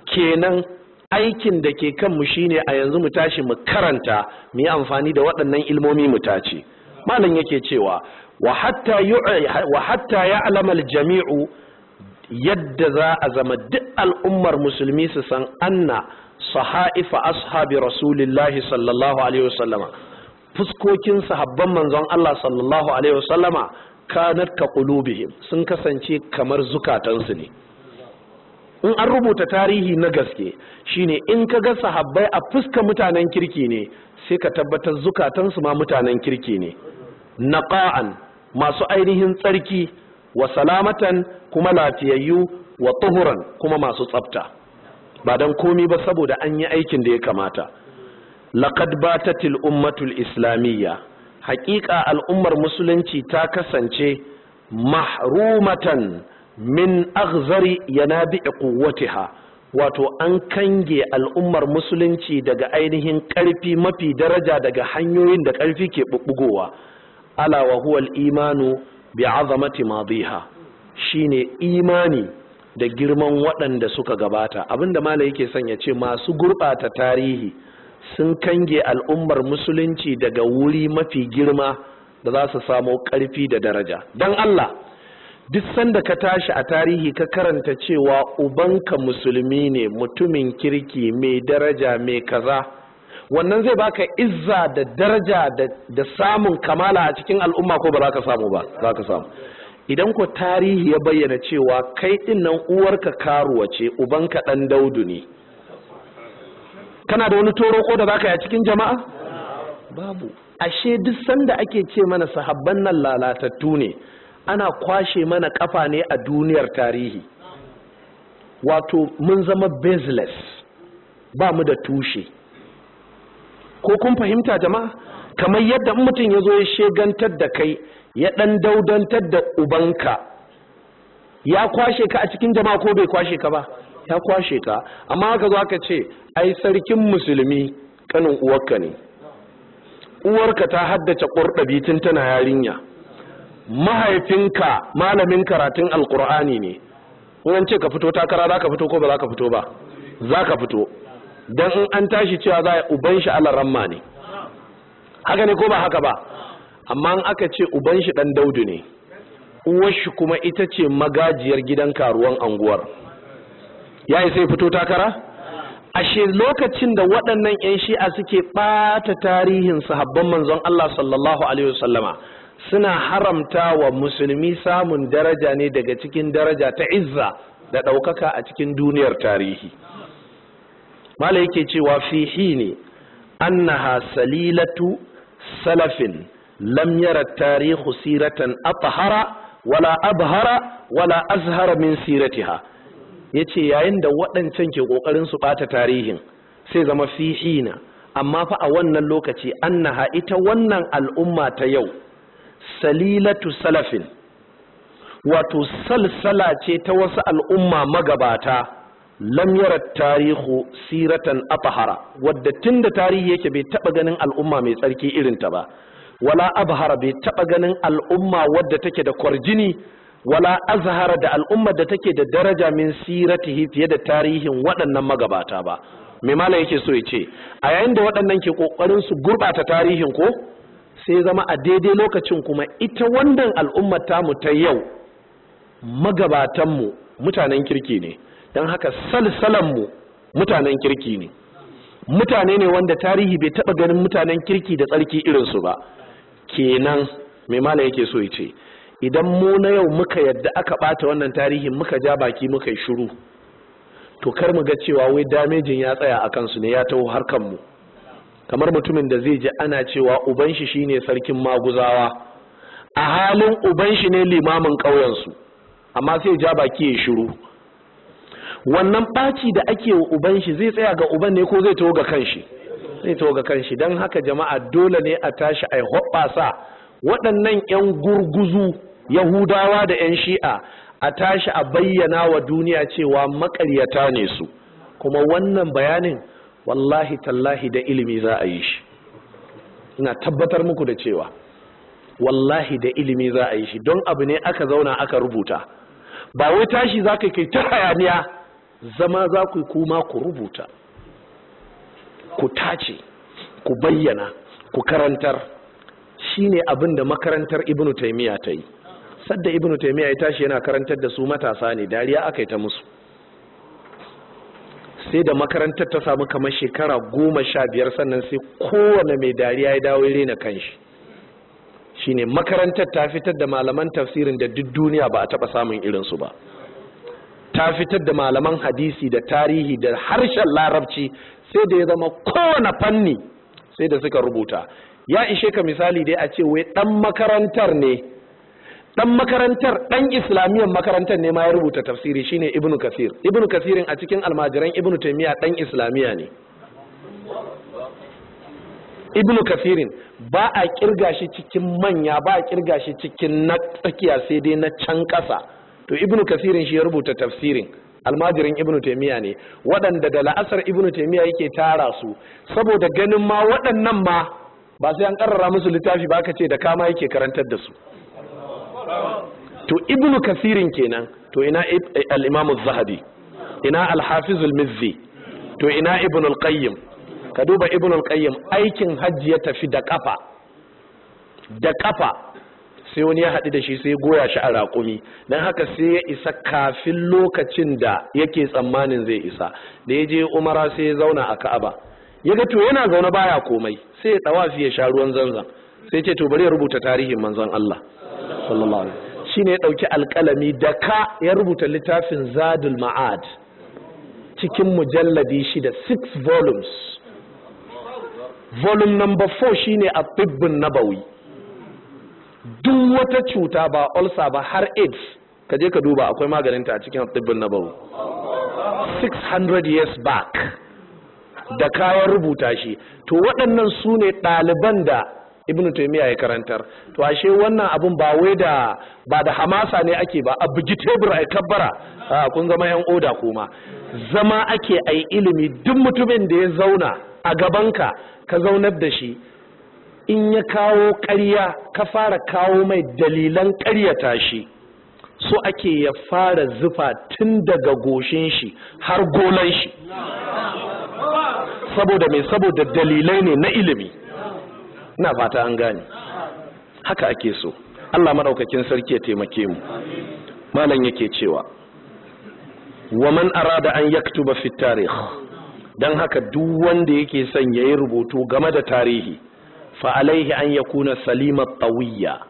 kenan aikin da ke kanmu shine a yanzu mu tashi mu karanta mu yi amfani da waɗannan ilmomi mu tace malam yake cewa wa hatta ya alamar jami'u yadda za a zama duk al'ummar musulmi su san anna sahaifa ashabi rasulillahi sallallahu alaihi wasallama fuskokin sahabban manzon Allah sallallahu alaihi wasallama kanat ka qulubihim sun kasance kamar zukatansu ne in an rubuta tarihi na gaske shine in ka ga sahabbai a fuska mutanen kirki ne sai ka tabbatar zukatansu ma mutanen kirki ne naqa'an masu ainihin tsarki wa salamatan kuma lafiyayyu wa tuhuran kuma masu tsafta ba dan komi ba saboda an yi aikin da ya kamata laqad batatil ummatul islamiyya haƙiƙa al'ummar musulunci ta kasance mahrumatan min aghzari yanabi'i quwwatiha wato an kange al'ummar musulunci daga ainihin ƙarfi mafi daraja daga hanyoyin da ƙarfi ke bubbugowa ala wa huwa al-imanu bi azamati madiha shine imani da girman waɗanda suka gabata abinda malam yake son ya ce masu gurɓata tarihi sun kange al'ummar musulunci daga wuri mafi girma da za su samo ƙarfi da daraja don Allah duk sanda ka tashi a tarihi ka karanta cewa ubanka musulmi ne mutumin kirki mai daraja mai kaza wannan zai baka izza da daraja da samun kamala a cikin al'umma ko ba za ka samu ba za ka samu idan ko tarihi ya bayyana cewa kai ɗin nan uwarka karuwa ce ubanka ɗan daudu ne kana da wani toroko da za ka yi a cikin jama'a babu ashe duk sanda ake ce mana sahabban nan lalatattu ne ana kwashe mana kafa ne a duniyar tarihi wato mun zama baseless ba mu da tushe ko kun fahimta jama'a kamar yadda mutum ya zo ya shegantar da kai ya ɗan daudantar da ubanka ya kwashe ka a cikin jama'a ko bai kwashe ka ba ya kwashe ka amma haka zo aka ce ai sarkin musulmi kanin uwarka ne uwarka ta haddace ƙurɗabi tun tana yarinya mahaifinka malamin karatun alƙur'ani ne in ce ka fito takara za ka fito ko ba za ka fito ba za ka fito don in an tashi cewa za a uban shi ramma ne haka ne ko ba haka ba amma in aka ce uban shi dan daudu ne uwar shi kuma ita ce magajiyar gidan karuwan anguwar ya yi sai fito takara ashe lokacin da waɗannan 'yan shi'a suke ɓata tarihin sahabban manzon Allah sallallahu alaihi wasallama suna haramta wa musulmi samun daraja ne daga cikin daraja ta izza da ɗaukaka a cikin duniyar tarihi mala yake cewa fihi ne annaha salilatu salafin lam tarihu siratan athhara wala abhara wala azhara min siratiha yace yayin da waɗancan ke ƙoƙarin su ɓata tarihin sai zama fihina amma fa a wannan lokaci annaha ita wannan al'umma ta yau salilatu salafin wato salsala ce ta wasu al'umma magabata lam tarihu siratan afahara. wadda tunda tarihi yake bai taɓa ganin al'umma mai tsarki irin ta ba wala abhara bai taba ganin al'umma wadda take da kwarjini wala azhara da al'umma da take da daraja min siratihi fiye da tarihin waɗannan magabata ba Mai mala yake so ya ce a yayin da waɗannan ke kokarin su gurɓata tarihin ko sai zama a daidai lokacin kuma ita wannan al'ummar tamu ta yau magabatanmu mutanen kirki ne don haka salsalanmu mutanen kirki ne mutane ne wanda tarihi bai taɓa ganin mutanen kirki da tsarki irinsu ba kenan mai malam yake so ya ce idan mu na yau muka yadda aka bata wannan tarihin muka ja baki muka yi shiru to kar mu ga cewa wai damejin ya tsaya a kansu ne ya taho harkan mu kamar mutumin da zai ji ana cewa uban shi shine sarkin maguzawa a halin uban shi ne limamin ƙauyensu amma sai ja baki ya shiru wannan ɓaci da ake wa uban shi zai tsaya ga uban ne ko zai taho ga kanshi zai ga kanshi don haka jama'a dole ne a tashi a hoɓɓasa waɗannan 'yan gurguzu yahudawa da 'yan shi'a a tashi a bayyana wa duniya cewa makaryata ne su kuma wannan bayanin wallahi tallahi da ilimi za a yi shi ina tabbatar muku da cewa wallahi da ilimi za a yi shi don abu ne aka zauna aka rubuta ba wai tashi za ka kai ta hayaniya zama za ku yi kuma ku rubuta ku tace ku bayyana ku karantar shine abin da makarantar ibnu taimiyya ta yi sadda ibnu taimiyya ya tashi yana karantar da su matasa ne dariya aka yi ta musu sai da makarantar ta samu kamar shekara goma sha biyar sannan sai kowane mai dariya ya dawo ya rena kanshi ne makarantar ta fitar da malaman tafsirin da duk duniya ba a taɓa samun irinsu ba ta fitar da malaman hadisi da tarihi da harshen larabci sai da ya zama kowane fanni sai da suka rubuta ya ishe ka misali dai a ce wai dan makarantar ne dan makarantar dan islamiyyar makarantar ne ma ya rubuta tafsiri shine ibnu kasir ibnu kasirin a cikin almajiran ibnu taymiya dan islamiyya ne ibnu kasirin ba a kirga shi cikin manya ba a kirga shi cikin na tsakiya sai dai na can ƙasa. to ibnu kasirin shi ya rubuta tafsirin almajirin ibnu taimiyya ne waɗanda da la'asar ibnu taimiyya yake tara su saboda ganin ma waɗannan ma ba sai an ƙarara musu littafi ba ka ce da kama yake karantar da su to ibnu kasirin kenan to ina al-imam ina al-hafiz mizzi to ina ibnu al ka duba ibnu al aikin hajji ya tafi da ƙafa. da kafa sai wani ya haɗu da shi sai goya shi a raƙumi don haka sai ya isa kafin lokacin da yake tsammanin zai isa da ya je umara sai ya zauna a ka'aba ya ga to yana zaune baya komai sai ya tsawafi ya sha ruwan zanzan sai ce to bari ya rubuta tarihin manzan Allah sallallahu alaihi ne ya ɗauki alƙalami da ka ya rubuta littafin Zadul Ma'ad cikin mujalladi shida six volumes volume number four shine a tibb nabawi duk wata cuta ba ulcer ba har aids ka je ka duba akwai maganinta a cikin tsibbin na bau 600 years back da kayan rubuta shi to waɗannan su ne ɗaliban da Ibn taimiyya ya karantar to ashe wannan abin ba wai da ba da hamasa ne ake ba a bugi tebur a kabbara a kun zama yan oda kuma zama ake ai ilimi duk mutumin da ya zauna a gabanka ka zaunar da shi in ya kawo ƙarya ka fara kawo mai dalilan ƙaryata shi so ake ya fara zufa tun daga goshin shi har golan shi saboda mai saboda dalilai ne na ilimi na fata an gane haka ake so Allah maɗaukakin sarki ya taimake mu malam yake cewa wa man arada an yaktuba fi tarikh dan haka duk wanda yake son yayi rubutu game da tarihi fa alaihi an kuna salima tawiyya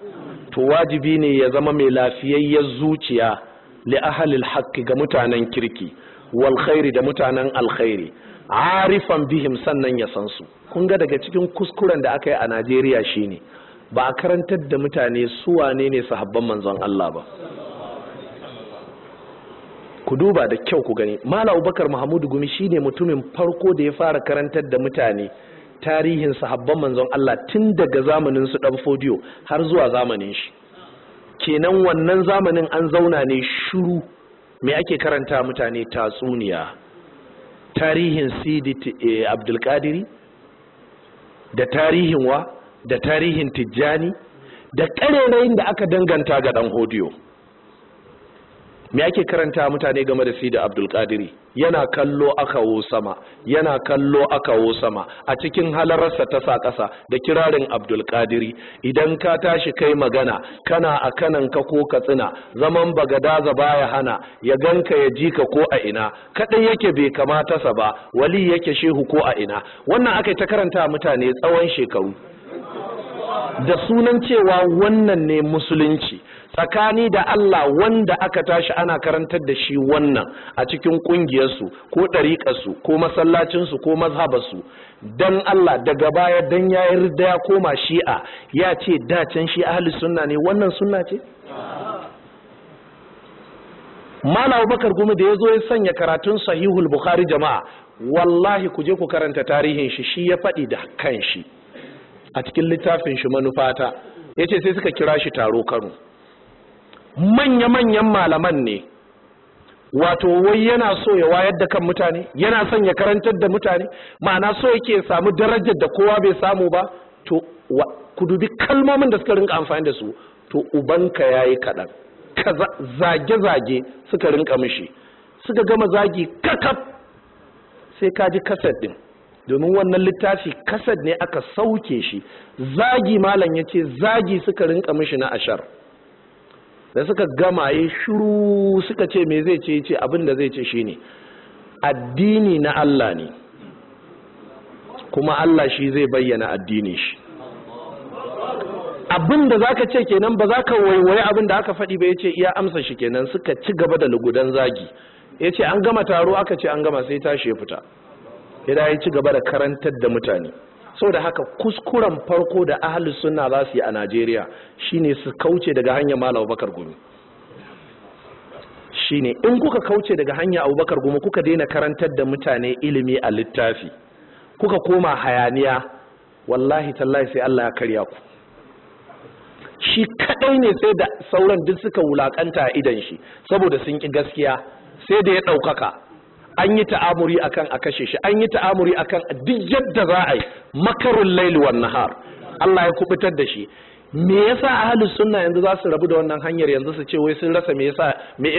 to wajibi ne ya zama mai lafiyayyar zuciya li ahlil haqqi ga mutanen kirki walkhairi da mutanen alkhairi arifan bihim sannan ya san su kun ga daga cikin kuskuren da aka yi a Najeriya shine ba a karantar da mutane su wane ne sahabban manzon Allah ba ku duba da kyau ku gani mala abubakar mahamudu gumi shine mutumin farko da ya fara karantar da mutane tarihin sahabban manzon Allah tun daga zamanin su ɗan fodiyo har zuwa zamanin shi kenan wannan zamanin an zauna ne shuru me ake karanta mutane tatsuniya tarihin sidi eh, abdulkadiri da tarihin wa da tarihin tijjani da ƙarerayin da aka danganta ga ɗan hodiyo me ake karanta mutane game da sidi abdul qadiri yana kallo aka sama yana kallo akawo sama a cikin halarsa ta sa ƙasa da kirarin abdul qadiri idan ka tashi kai magana kana a kanan ka ko ka tsina zaman bagadaza baya hana ya ganka ya ji ka ko a ina kadai yake bai kamata sa ba wali yake shehu ko a ina wannan aka ta karanta mutane tsawon shekaru da sunan cewa wannan ne musulunci tsakani da Allah wanda aka tashi ana karantar da shi wannan a cikin ƙungiyarsu ko ɗariƙarsu ko masallacinsu ko mazhabarsu dan Allah daga baya dan ya yarda ya koma shi'a ya ce dacen shi ahli sunna ne wannan sunna ce Malam Abubakar Gumi da ya zo ya sanya karatun Sahihul Bukhari jama'a wallahi ku je ku karanta tarihin shi shi ya faɗi da kanshi a cikin littafin shi manufata yace sai suka kira shi taro Kano manya-manyan malaman ne wato wai yana so ya wayar da kan mutane yana son ya karantar da mutane ma'ana so yake samu darajar da kowa bai samu ba to ku dubi kalmomin da suka rinka amfani da su to ubanka ya yi kaɗan zage-zage suka rinka mishi suka gama zagi kakaf sai ka ji kaset ɗin domin wannan littafi kasad ne aka sauke shi zagi malam ya ce zagi suka rinka mishi na ashar da suka gama yi shiru suka ce me zai ce ce abin da zai ce shine addini na Allah ne kuma Allah shi zai bayyana addini shi Abinda da za ce kenan ba za ka waiwaye abin da aka faɗi ba ya ce iya amsa shi kenan suka ci gaba da lugudan zagi ya ce an gama taro aka ce an gama sai tashi ya fita ya ci gaba da karantar da mutane da haka kuskuren farko da ahli suna za su yi a Najeriya shine su kauce daga hanyar Malam Abubakar Gumi shine in kuka kauce daga hanyar Abubakar Gumi kuka daina karantar da mutane ilimi a littafi kuka koma hayaniya wallahi tallahi sai Allah ya karya ku shi kadai ne sai da sauran duk suka wulakanta a idan shi saboda sun ƙi gaskiya sai da ya ɗaukaka an yi ta'amuri akan a kashe shi an yi ta'amuri akan duk yadda za a yi makarun laili wan nahar Allah ya kubutar da shi me yasa ahlus sunna yanzu za su rabu da wannan hanyar yanzu su ce wai sun rasa me yasa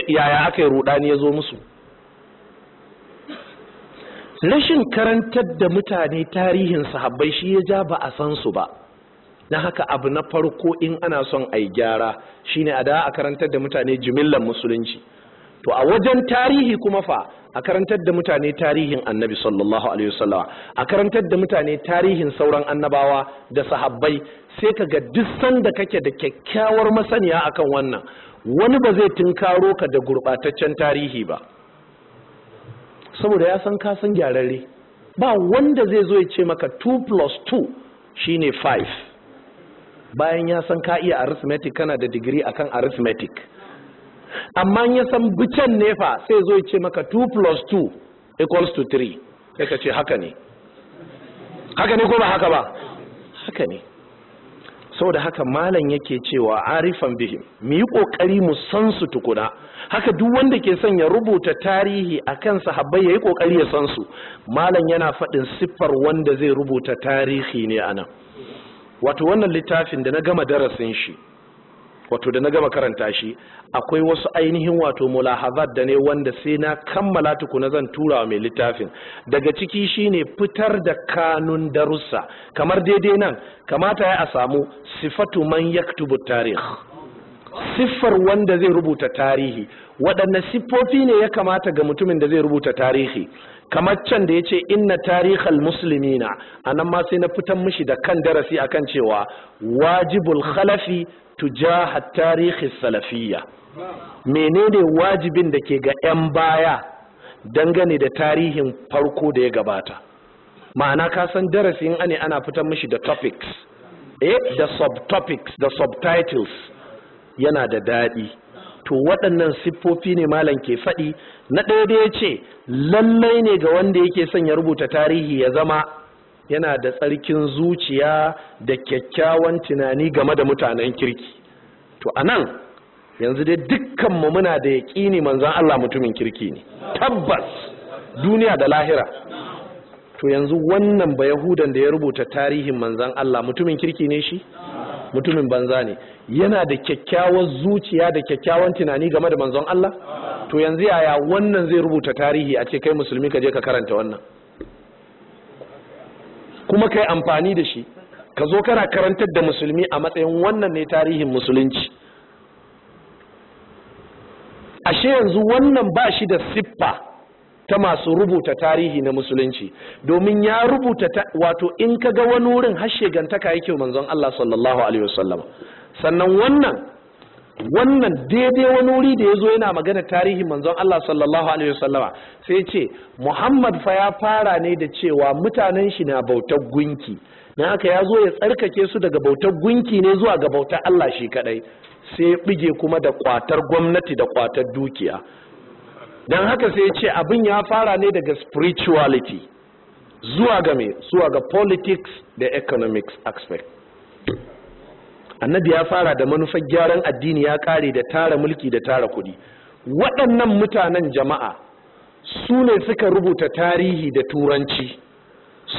yaya aka yi rudani ya zo musu rashin karantar da mutane tarihin sahabbai shi ya ja ba a san su ba na haka abu na farko in ana son a yi gyara shine a da a karantar da mutane jimillan musulunci to a wajen tarihi kuma fa a karantar da mutane tarihin annabi sallallahu alaihi wasallam a karantar da mutane tarihin sauran annabawa da sahabbai sai ka ga duk sanda kake da kyakkyawar masaniya akan wannan wani ba zai tunkaro ka da gurbataccen tarihi ba saboda ya san ka san gyararre ba wanda zai zo ya ce maka 2 plus 2 shine 5 bayan ya san ka iya arithmetic kana da digiri akan arithmetic amma ya san bican nefa sai zo ce maka 2 plus 2 equals to 3 sai ka ce haka ne haka ne ko ba haka ba haka ne Sau da haka malam yake cewa arifan bihim mu yi kokari mu san su tukuna haka duk wanda ke son ya rubuta tarihi a akan sahabbai yi kokari ya san su malam yana faɗin siffar wanda zai rubuta tarihi ne a nan. wato wannan littafin da na gama darasin shi wato da na gama karanta shi akwai wasu ainihin wato mulahazat da ne wanda sai na kammala tukuna zan tura wa mai littafin daga ciki shine fitar da kanun darussa kamar daidai nan kamata ya a samu sifatu man yaktubu tarih siffar wanda zai rubuta tarihi waɗanne siffofi ne ya kamata ga mutumin da zai rubuta tarihi kamar can da ya ce inna tarihal na a nan ma sai na fitan mishi da kan darasi akan cewa wajibul khalafi tujaha tarihin salafiyya menene wajibin da ke ga 'yan baya dangane da tarihin farko da ya gabata ma'ana ka san darasi in ane ana fitar mishi da topics e da subtopics da subtitles yana da daɗi to waɗannan siffofi ne malam ke faɗi na ɗaya da ya ce lallai ne ga wanda yake son ya rubuta tarihi ya zama yana da tsarkin zuciya da kyakkyawan tunani game da mutanen kirki to a nan yanzu dai dukkanmu muna da yaƙini manzan Allah mutumin kirki ne tabbas duniya da lahira to yanzu wannan ba yahudan da ya rubuta tarihin manzan Allah mutumin kirki ne shi mutumin banza ne yana da kyakkyawan zuciya da kyakkyawan tunani game da manzon Allah to yanzu yaya wannan zai rubuta tarihi a ce kai musulmi ka je ka karanta wannan kuma kai amfani da shi ka zo kana karantar da musulmi a matsayin wannan ne tarihin musulunci ashe yanzu wannan ba shi da siffa ta masu rubuta tarihi na musulunci domin ya rubuta wato in ka ga wani wurin har shegantaka yake manzon Allah sallallahu alaihi wasallam sannan wannan wannan daidai wani wuri da ya zo yana magana tarihin manzon Allah sallallahu alaihi wasallama sai ce Muhammad fa ya fara ne da cewa mutanen shi na bautar gunki na haka ya zo ya tsarkake su daga bautar gunki ne zuwa ga bautar Allah shi kadai sai ya bige kuma da kwatar gwamnati da kwatar dukiya don haka sai ya ce abin ya fara ne daga spirituality zuwa ga me zuwa ga politics da economics aspect annabi ya fara da manufar gyaran addini ya kare da tara mulki da tara kuɗi waɗannan mutanen jama'a su ne suka rubuta tarihi da turanci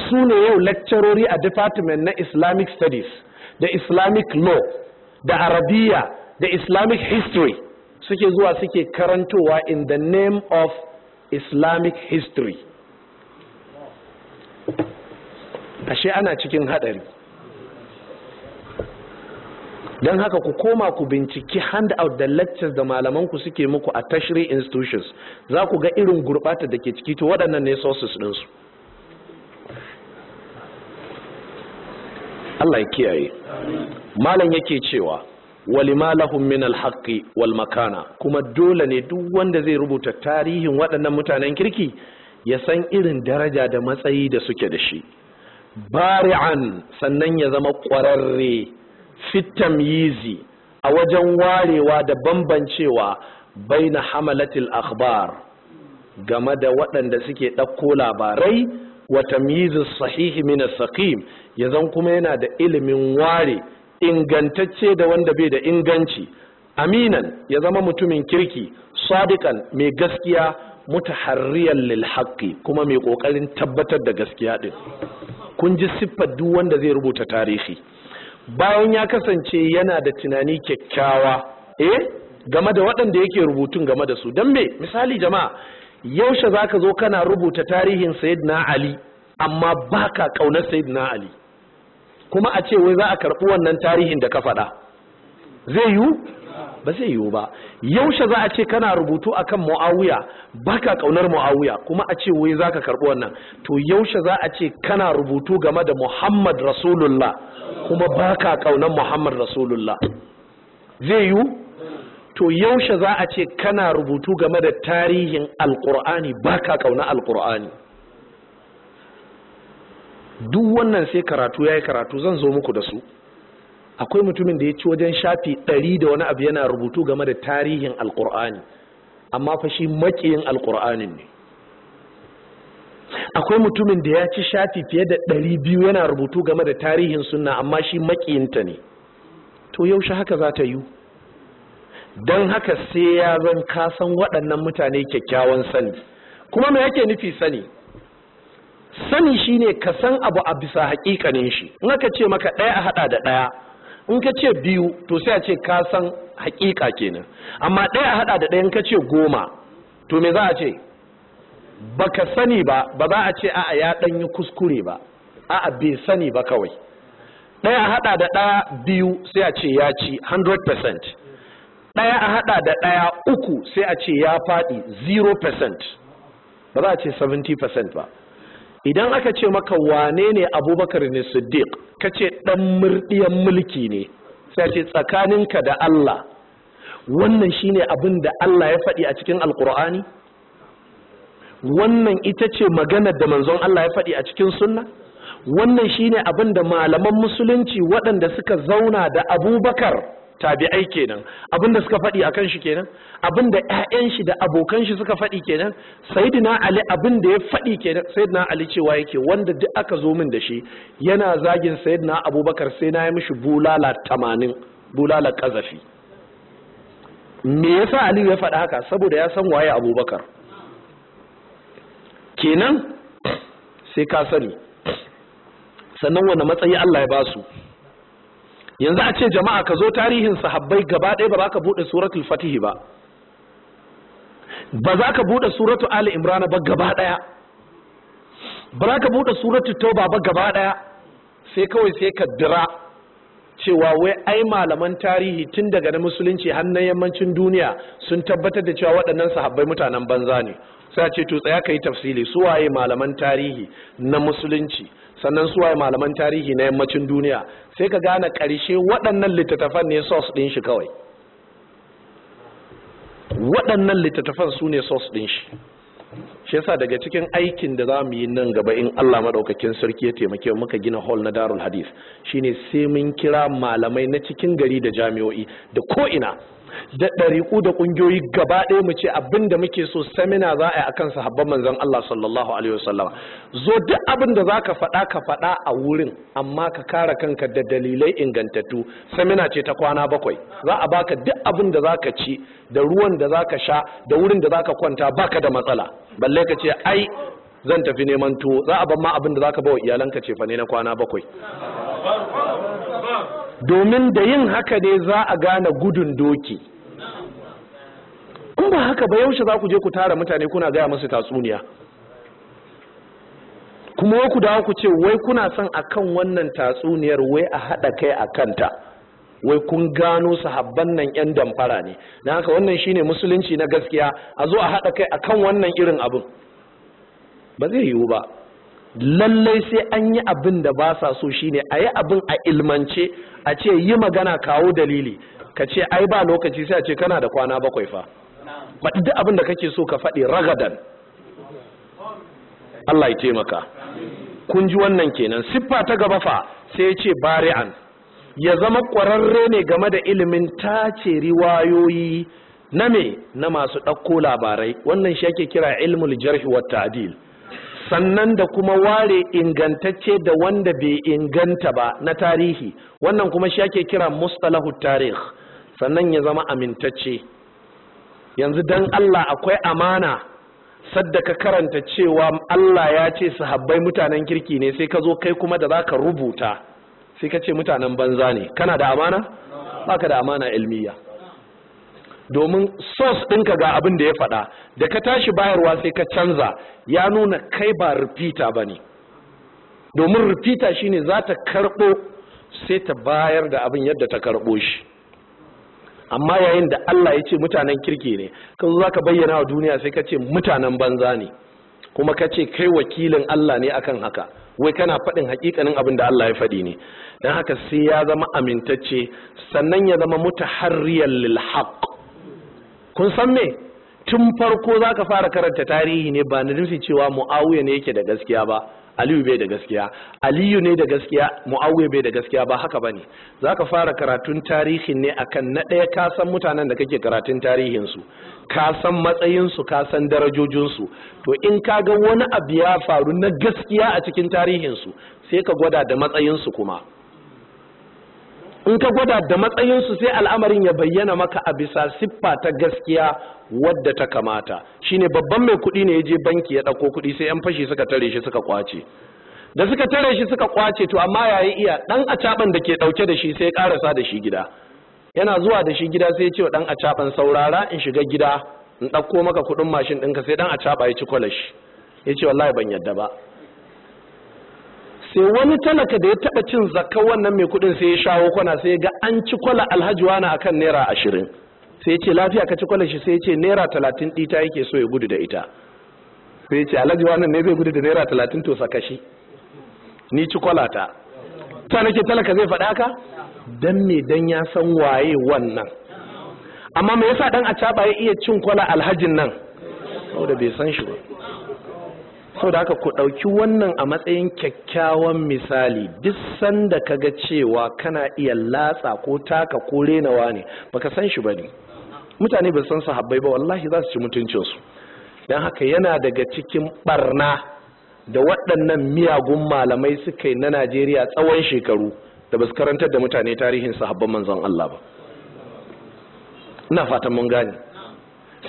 su ne yau lakcarori a department na islamic studies da islamic law da arabiya da islamic history suke zuwa suke karantowa in the name of islamic history ashe ana cikin haɗari don haka ku koma ku binciki handout da lectures da malaman ku suke muku a tertiary institutions za ku ga irin gurɓata da ke ciki to waɗannan ne sources ɗinsu Allah ya kiyaye malam yake cewa walima lahum min alhaqi wal makana kuma dole ne duk wanda zai rubuta tarihin waɗannan mutanen kirki ya san irin daraja da matsayi da suke da shi bari'an sannan ya zama ƙwararre fitam yizi a wajen warewa da bambancewa bai na hamalatil akhbar game da waɗanda suke ɗauko labarai wa tamyizu sahihi mina as-saqim kuma yana da ilimin ware ingantacce da wanda bai da inganci aminan ya zama mutumin kirki sadiqan mai gaskiya mutaharriyar lil kuma mai ƙoƙarin tabbatar da gaskiya ɗin. kun ji siffar duk wanda zai rubuta tarihi bayan ya kasance yana da tunani kyakkyawa eh game da waɗanda yake rubutun game da su don me misali jama'a yaushe za ka zo kana rubuta tarihin na ali amma ba ka ƙaunar na ali kuma a ce wai za a karɓi wannan tarihin da ka faɗa zai yiwu ba zai yiwu ba yaushe za a ce kana rubutu akan muawiya baka kaunar muawiya kuma a ce wai zaka karɓi wannan to yaushe za a ce kana rubutu game da muhammad rasulullah kuma baka kaunar muhammad rasulullah zai yiwu to yaushe za a ce kana rubutu game da tarihin alkur'ani baka kauna alkur'ani duk wannan sai karatu ya yi karatu zan zo muku da su akwai mutumin da ya ci wajen shafi ɗari da wani abu yana rubutu game da tarihin Alƙur'ani, amma fa shi makiyin Alƙur'ani ne akwai mutumin da ya ci shafi fiye da ɗari biyu yana rubutu game da tarihin sunna amma shi makiyinta ne to yaushe haka za ta yi don haka sai ya zan san waɗannan mutane kyakkyawan sani kuma me yake nufi sani sani shine ka san abu a bisa haƙiƙanin shi in aka ce maka ɗaya a haɗa da ɗaya in ka ce biyu to sai a ce ka san hakika kenan amma ɗaya hada da ɗayan ka ce goma to me za a ce baka sani ba ba za a ce a'a ya ɗan kuskure ba a'a bai sani ba kawai ɗaya hada da ɗaya biyu sai a ce ya ci 100% ɗaya a hada da ɗaya uku sai a ce ya faɗi 0% ba za a ce 70% ba idan aka ce maka wane ne abubakar ne siddiq ka ce ɗan murɗiyan mulki ne sai ce tsakaninka da allah wannan shine abin da allah ya faɗi a cikin alkur'ani wannan ita ce maganar da manzon allah ya faɗi a cikin sunna wannan shine abin da malaman musulunci waɗanda suka zauna da abubakar tabi'ai kenan abinda suka faɗi akan shi kenan abinda 'ya'yan shi da abokan shi suka faɗi kenan sayyidina ali abinda ya faɗi kenan sayyidina ali cewa yake wanda duk aka zo min da shi yana zagin sayyidina abubakar sai na yi mishi bulala tamanin bulala kazafi me yasa ali ya faɗi haka saboda ya san waye abubakar kenan sai ka sani sannan wanda matsayi Allah ya basu yanzu a ce jama'a ka zo tarihin sahabbai gaba ɗaya ba za ka buɗe suratul fatihi ba ba za ka buɗe suratul ali imran ba gaba ɗaya ba za ka buɗe suratul tauba ba gaba ɗaya sai kawai sai ka dira cewa wai ai malaman tarihi tun daga na musulunci har na yammacin duniya sun tabbatar da cewa waɗannan sahabbai mutanen banza ne sai a ce to tsaya ka yi tafsili su waye malaman tarihi na musulunci sannan suwaye malaman tarihi na yammacin duniya sai ka gane ƙarshe waɗannan littattafan ne source ɗin shi kawai waɗannan littattafan su ne source ɗin shi shi yasa daga cikin aikin da za mu yi nan gaba in Allah madaukakin sarki ya taimake muka gina hall na Darul Hadith shine sai mun kira malamai na cikin gari da jami'o'i da ko ina da ɗariƙu da ƙungiyoyi gaba ɗaya mu ce abin da muke so samina za a yi akan sahabban manzon Allah sallallahu alaihi wasallama zo duk abin da zaka faɗa ka faɗa a wurin amma ka kare kanka da dalilai ingantattu samina ce ta kwana bakwai za a baka duk abin da ka ci da ruwan da za ka sha da wurin da za ka kwanta baka da matsala balle ka ce ai zan tafi neman tuwo za a ban ma abin da zaka ba wa iyalanka ce fa ne na kwana bakwai domin da yin haka ne za a gane gudun doki in ba haka ba yaushe za ku je ku tara mutane kuna gaya masu tatsuniya kuma wai ku dawo ku ce wai kuna son akan wannan tatsuniyar wai a haɗa kai a kanta wai kun gano sahabban nan yan damfara ne na haka wannan shine musulunci na gaskiya a zo a haɗa kai akan wannan irin abin ba zai yiwu ba lallai sai an yi abin da ba sa so shine a yi abin a ilmance a ce yi magana kawo dalili ka ce ai ba lokaci sai a ce kana da kwana bakwai fa ba duk abin da kake so ka faɗi ragadan Allah ya taimaka kun ji wannan kenan siffa ta gaba fa sai ya ce bari'an ya zama ƙwararre ne game da ilimin tace riwayoyi na me na masu ɗauko labarai wannan shi ake kira ilmul jarhi wa ta'dil sannan da kuma ware ingantacce da wanda bai inganta ba na tarihi wannan kuma shi ake kira mustalahu tarih sannan ya zama amintacce yanzu dan Allah akwai amana sadda ka karanta cewa Allah ya ce sahabbai mutanen kirki ne sai ka zo kai kuma da za ka rubuta sai ka ce mutanen banza ne kana da amana Ba ka da amana ilmiya domin sos ɗinka ga abin da ya faɗa da ka tashi bayarwa sai ka canza ya nuna kai ba repeater ba ne domin repeater shine za ta karɓo sai ta bayar da abin yadda ta karɓo shi amma yayin da Allah ya ce mutanen kirki ne kan za ka bayyana wa duniya sai ka ce mutanen banza ne kuma ka ce kai wakilin Allah ne akan haka wai kana faɗin hakikanin abin da Allah ya faɗi ne don haka sai ya zama amintacce sannan ya zama mutaharriyar lil haqq kun san me tun farko za ka fara karanta tarihi ne ba na nufi cewa mu'awiya ne yake da gaskiya ba aliyu bai da gaskiya aliyu ne da gaskiya mu'awiya bai da gaskiya ba haka bane za ka fara karatun tarihi ne akan na ɗaya ka san mutanen da kake karatun tarihinsu ka san matsayinsu ka san darajojinsu to in ka ga wani abu ya faru na gaskiya a cikin tarihinsu sai ka gwada da matsayinsu kuma in ka gwada da matsayinsu sai al'amarin ya bayyana maka a bisa siffa ta gaskiya wadda ta kamata shine babban mai kuɗi ne ya je banki ya ɗauko kuɗi sai 'yan fashi suka tare shi suka kwace da suka tare shi suka kwace to amma yayi iya ɗan acaɓan da ke ɗauke da shi sai ƙarasa da shi gida yana zuwa da shi gida sai ya ce wa ɗan acaɓan saurara in shiga gida in ɗauko maka kuɗin mashin ɗinka sai ɗan acaɓa ya ci kwalashi ya ce wallahi ban yadda ba sai wani talaka da ya taba cin zakka wannan mai kudin sai ya shawo kwana sai ga an ci kwala alhaji wani akan naira ashirin sai ya ce lafiya ka ci kwala shi sai ya ce naira talatin ɗita yake so ya gudu da ita sai ya ce alhaji wani ne zai gudu da naira talatin to saka shi ni ci kwala ta ta nake talaka zai faɗa ka dan me dan ya san waye wannan amma me yasa dan a ya iya cin kwala alhajin nan saboda bai san shi ba sau da haka ku ɗauki wannan a matsayin kyakkyawan misali duk sanda ka ga cewa kana iya latsa ko taka ko renawa ne baka san shi ba ne mutane ba san sahabbai ba wallahi za su ci mutuncinsu don haka yana daga cikin barna da waɗannan miyagun malamai suka yi na najeriya tsawon shekaru da basu karantar da mutane tarihin sahabban manzon allah ba ina fatan mun gane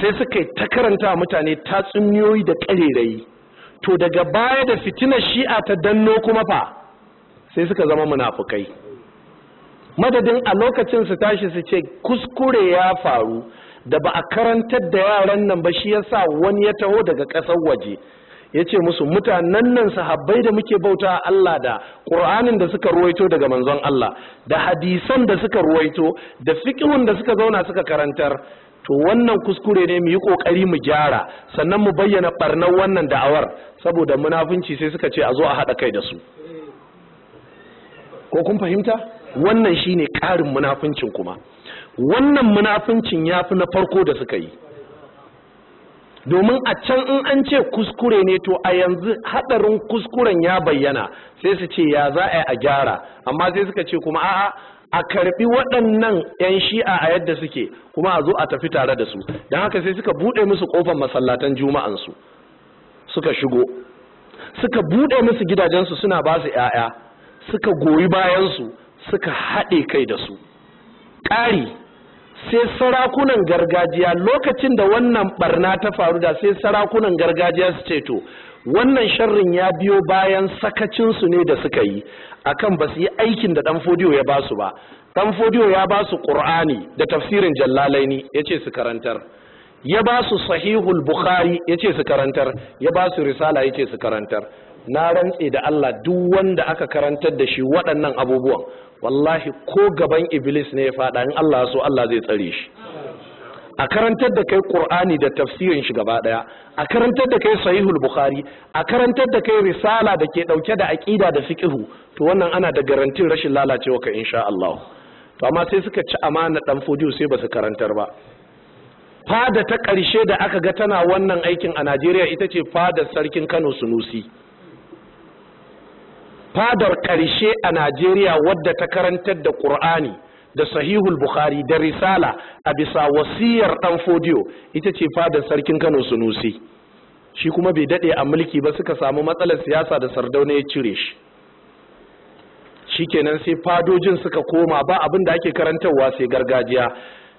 sai suka yi ta karanta mutane tatsuniyoyi da ƙarerayi to daga baya da fitinar shi'a ta danno kuma fa sai suka zama munafukai madadin a lokacin su tashi su ce kuskure ya faru da ba a karantar da yaran nan ba shi yasa wani ya taho daga ƙasar waje ya ce musu mutanen nan sahabbai da muke bauta a Allah da ƙur'anin da suka ruwaito daga manzon Allah da hadisan da suka ruwaito da fiƙihun da suka zauna suka karantar to wannan kuskure ne mu yi kokari mu gyara sannan mu bayyana barnar wannan da'awar saboda munafunci sai suka ce a zo a haɗa kai da su ko kun fahimta wannan shine ƙarin munafuncin kuma wannan munafuncin ya fi na farko da suka yi domin a can in an ce kuskure ne to a yanzu hadarin kuskuren ya bayyana sai su ce ya za yi a gyara amma sai suka ce kuma a'a a karbi waɗannan 'yan shi'a a yadda suke kuma a zo a tafi tare da su don haka sai suka buɗe musu ƙofar masallatan juma'ansu suka shigo suka buɗe musu gidajensu suna ba su 'ya'ya suka goyi bayansu suka haɗe kai da su ƙari sai sarakunan gargajiya lokacin da wannan barna ta faru da sai sarakunan gargajiya su ceto wannan sharrin ya biyo bayan sakacinsu ne da suka yi akan ba su yi aikin da dan fodiyo ya basu ba dan fodiyo ya basu qur'ani da tafsirin jallalaini ce su karantar ya basu sahihul bukhari ce su karantar ya basu risala ya ce su karantar na rantse da Allah duk wanda aka karantar da shi waɗannan abubuwan wallahi ko gaban iblis ne ya fada in Allah so Allah zai tsare shi a karantar da kai qur'ani da tafsirin shi gaba daya a karantar da kai sahihul bukhari a karantar da kai risala da ke dauke da aqida da fiqhu to wannan ana da garantin rashin lalacewa ka insha Allah to amma sai suka ci amana dan fodiyo sai basu karantar ba fada ta karshe da aka ga tana wannan aikin a Najeriya ita ce fada sarkin Kano Sunusi fadar ƙarshe a Najeriya wadda ta karantar da Ƙur'ani da Sahihul Bukhari da Risala a bisa wasiyar ɗan fodiyo ita ce fadar sarkin Kano Sunusi shi kuma bai daɗe a mulki ba suka samu matsalar siyasa da Sardauna ya cire shi shikenan sai fadojin suka koma ba abin da ake karantarwa sai gargajiya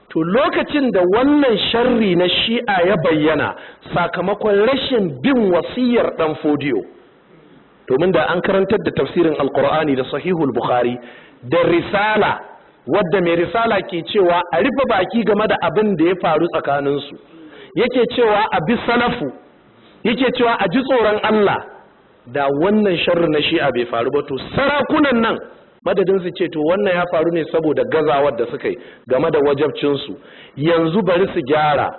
to lokacin da wannan sharri na shi'a ya bayyana sakamakon rashin bin wasiyar ɗan fodiyo domin da an karantar da tafsirin alkur'ani da sahihul bukhari da risala wadda mai risala ke cewa a rufe baki game da abin da ya faru tsakaninsu yake cewa a bi salafu yake cewa a ji tsoron Allah da wannan sharri na shi'a bai faru ba to sarakunan nan madadin su ce to wannan ya faru ne saboda gazawar da suka yi game da wajabcinsu yanzu bari su gyara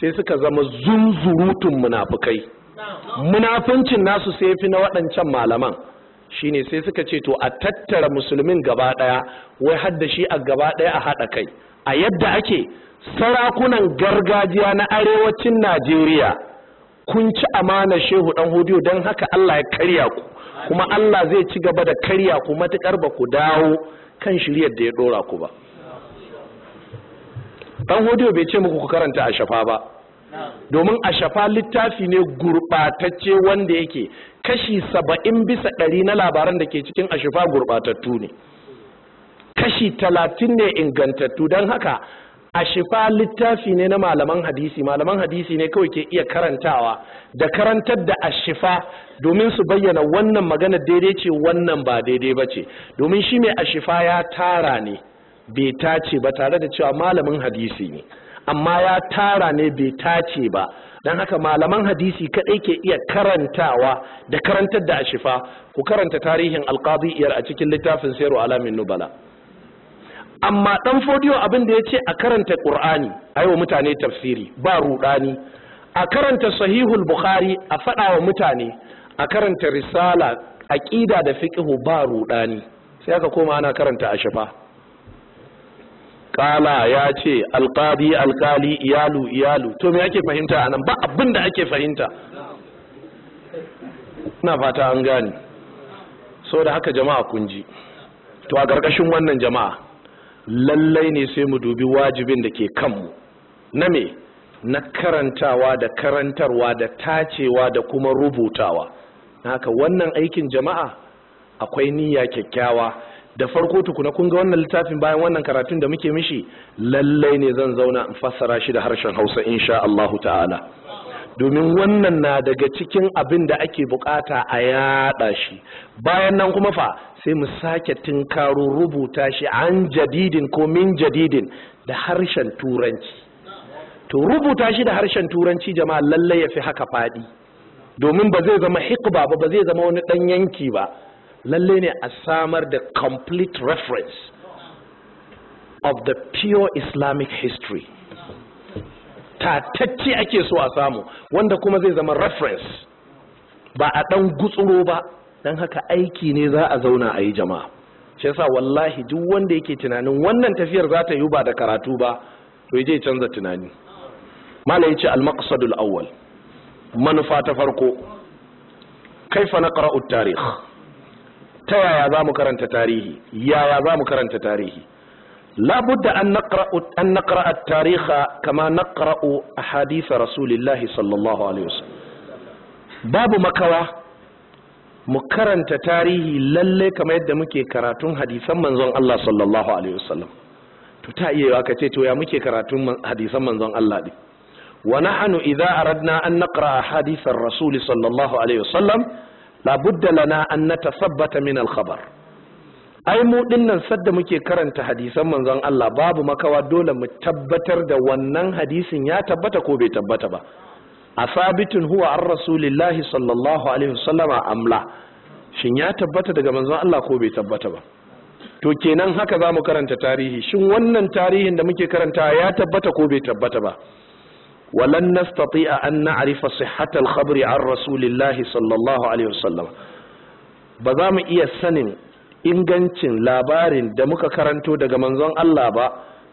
sai suka zama zunzurutun munafukai munafincin nasu sai fi na waɗancan malaman shine sai suka ce to a tattara musulmin gaba ɗaya wai hadda shi a gaba ɗaya a haɗa kai a yadda ake sarakunan gargajiya na arewacin najeriya kun ci amana shehu ɗan hodiyo don haka allah ya karya ku kuma allah zai ci gaba da karya ku matuƙar ba ku dawo kan shiryar da ya ɗora ku ba dan hodiyo bai ce muku ku karanta a shafa ba domin a shafa littafi ne gurɓatacce wanda yake kashi saba'in bisa ɗari na labaran da ke cikin a shafa gurɓatattu ne kashi talatin ne ingantattu don haka a shafa littafi ne na malaman hadisi malaman hadisi ne kawai ke iya karantawa da karantar da a shafa domin su bayyana wannan magana daidai ce wannan ba daidai ba ce domin shi mai a shafa ya tara ne bai tace ba tare da cewa malamin hadisi ne amma ya tara ne bai tace ba don haka malaman hadisi kaɗai ke iya karantawa da karantar da ashifa ku karanta tarihin alƙadiyar a cikin littafin sayarwa alamin nubala amma ɗan fodiyo abin da ya ce a karanta ƙur'ani a yi wa mutane tafsiri ba ruɗani a karanta sahihul bukhari a faɗa wa mutane a karanta risala aƙida da fiƙihu ba ruɗani sai aka koma ana karanta ashifa kala ya ce alƙali alkali iyalu iyalu to me ake fahimta anan ba abin da ake fahimta na fata an gane so da haka jama'a kunji to a ƙarƙashin wannan jama'a lallai ne sai mu dubi wajibin da ke kanmu na me na karantawa da karantarwa da tacewa da kuma rubutawa haka wannan aikin jama'a akwai niyya kyakkyawa da farko tukuna kun ga wannan littafin bayan wannan karatun da muke mishi lallai ne zan zauna in fassara shi da harshen Hausa insha Allahu ta'ala domin wannan na daga cikin abin da ake bukata a yada shi bayan nan kuma fa sai mu sake tinkaro rubuta shi an jadidin ko min jadidin da harshen turanci to rubuta shi da harshen turanci jama'a lallai ya fi haka fadi domin ba zai zama hikba ba ba zai zama wani dan yanki ba lalle ne a samar da complete reference of the pure islamic history tatacce ake so a samu wanda kuma zai zama reference ba a ɗan gutsuro ba Dan haka aiki ne za a zauna a yi jama'a shi yasa wallahi duk wanda yake tunanin wannan tafiyar za ta yi ba da karatu ba to je canza tunani malai ce al-maqsadul awwal manufa ta farko kaifa naqra'u at-tarikh ta yaya za mu karanta tarihi yaya za mu karanta tarihi labudda an naqra an tariha kama naqra'u ahadith rasulillahi sallallahu alaihi wasallam babu makawa mu karanta tarihi lalle kama yadda muke karatun hadisan manzon Allah sallallahu alaihi wasallam to ta iya yawa kace to ya muke karatun hadisan manzon Allah din wa nahnu idza aradna an naqra hadithan rasul sallallahu alaihi wasallam labudda lana an natasabbata min al ai mu dinnan sadda muke karanta hadisan manzon Allah babu makawa dole mu tabbatar da wannan hadisin ya tabbata ko bai tabbata ba asabitun huwa an rasulillahi sallallahu alaihi wasallama amla shin ya tabbata daga manzon Allah ko bai tabbata ba to kenan haka za mu karanta tarihi shin wannan tarihin da muke karanta ya tabbata ko bai tabbata ba walan nastati'a an na'rifa sihhatal khabri an rasulillahi sallallahu alaihi wasallam ba za mu iya sanin ingancin labarin da muka karanto daga manzon Allah ba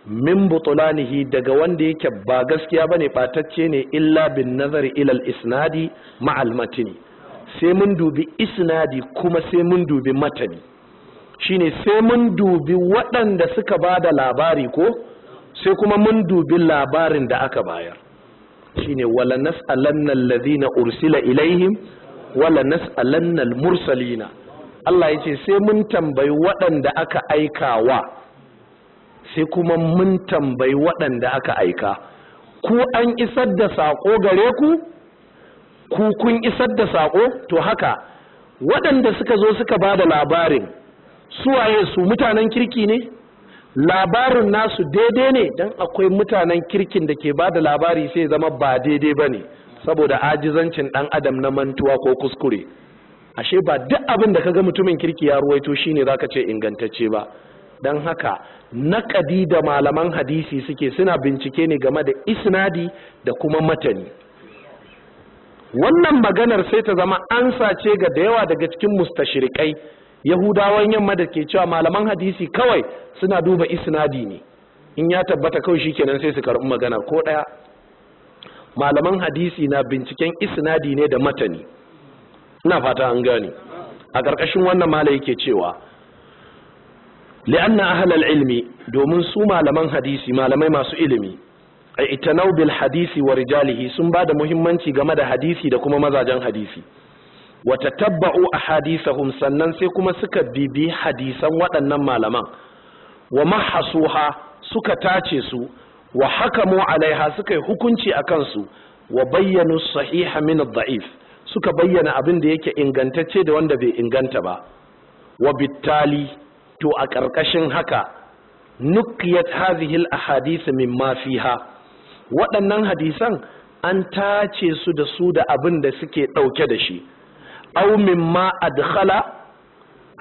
min butulanihi daga wanda yake ba gaskiya bane batacce ne illa bin nazari ilal isnadi ma'almatini? matini sai mun dubi isnadi kuma sai mun dubi matani shine sai mun dubi waɗanda suka ba da labari ko sai kuma mun dubi labarin da aka bayar shine wala nas'alanna alladhina ursila ilaihim wala nas'alanna almursalina Allah yace sai mun tambayi waɗanda aka aikawa sai kuma mun tambayi waɗanda aka aika ku an isar da sako gare ku ku kun isar da sako to haka waɗanda suka zo suka bada da labarin suwaye su mutanen kirki ne labarin nasu daidai ne don akwai mutanen kirkin da ke ba da labari sai zama ba daidai ba ne saboda ajizancin ɗan adam na mantuwa ko kuskure ashe ba duk abin da kaga mutumin kirki ya ruwaito shine zaka ce ingantacce ba don haka naƙadi da malaman hadisi suke suna bincike ne game da isnadi da kuma matani wannan maganar sai ta zama ansa ce ga da yawa daga cikin mustashirikai yahudawan yamma da ke cewa malaman hadisi kawai suna duba isnadi ne in ya tabbata kawai shikenan sai su karɓi magana ko ɗaya malaman hadisi na binciken isnadi ne da matani ina fata an gane a ƙarƙashin wannan mala yake cewa li'anna ahlal ilmi domin su malaman hadisi malamai masu ilimi a itanau bil hadisi wa rijalihi sun ba da muhimmanci game da hadisi da kuma mazajen hadisi wata tabba'u a hadisahum sannan sai kuma suka bibi hadisan waɗannan malaman wa mahasuha suka tace su wa hakamu alaiha suka yi hukunci a kansu wa bayyanu sahiha min da'if suka bayyana abin da yake ingantacce da wanda bai inganta ba wa bittali to a ƙarƙashin haka nukiyat hazihil ahadith min ma fiha waɗannan hadisan an tace su da su da abin da suke ɗauke da shi aw mimma adkhala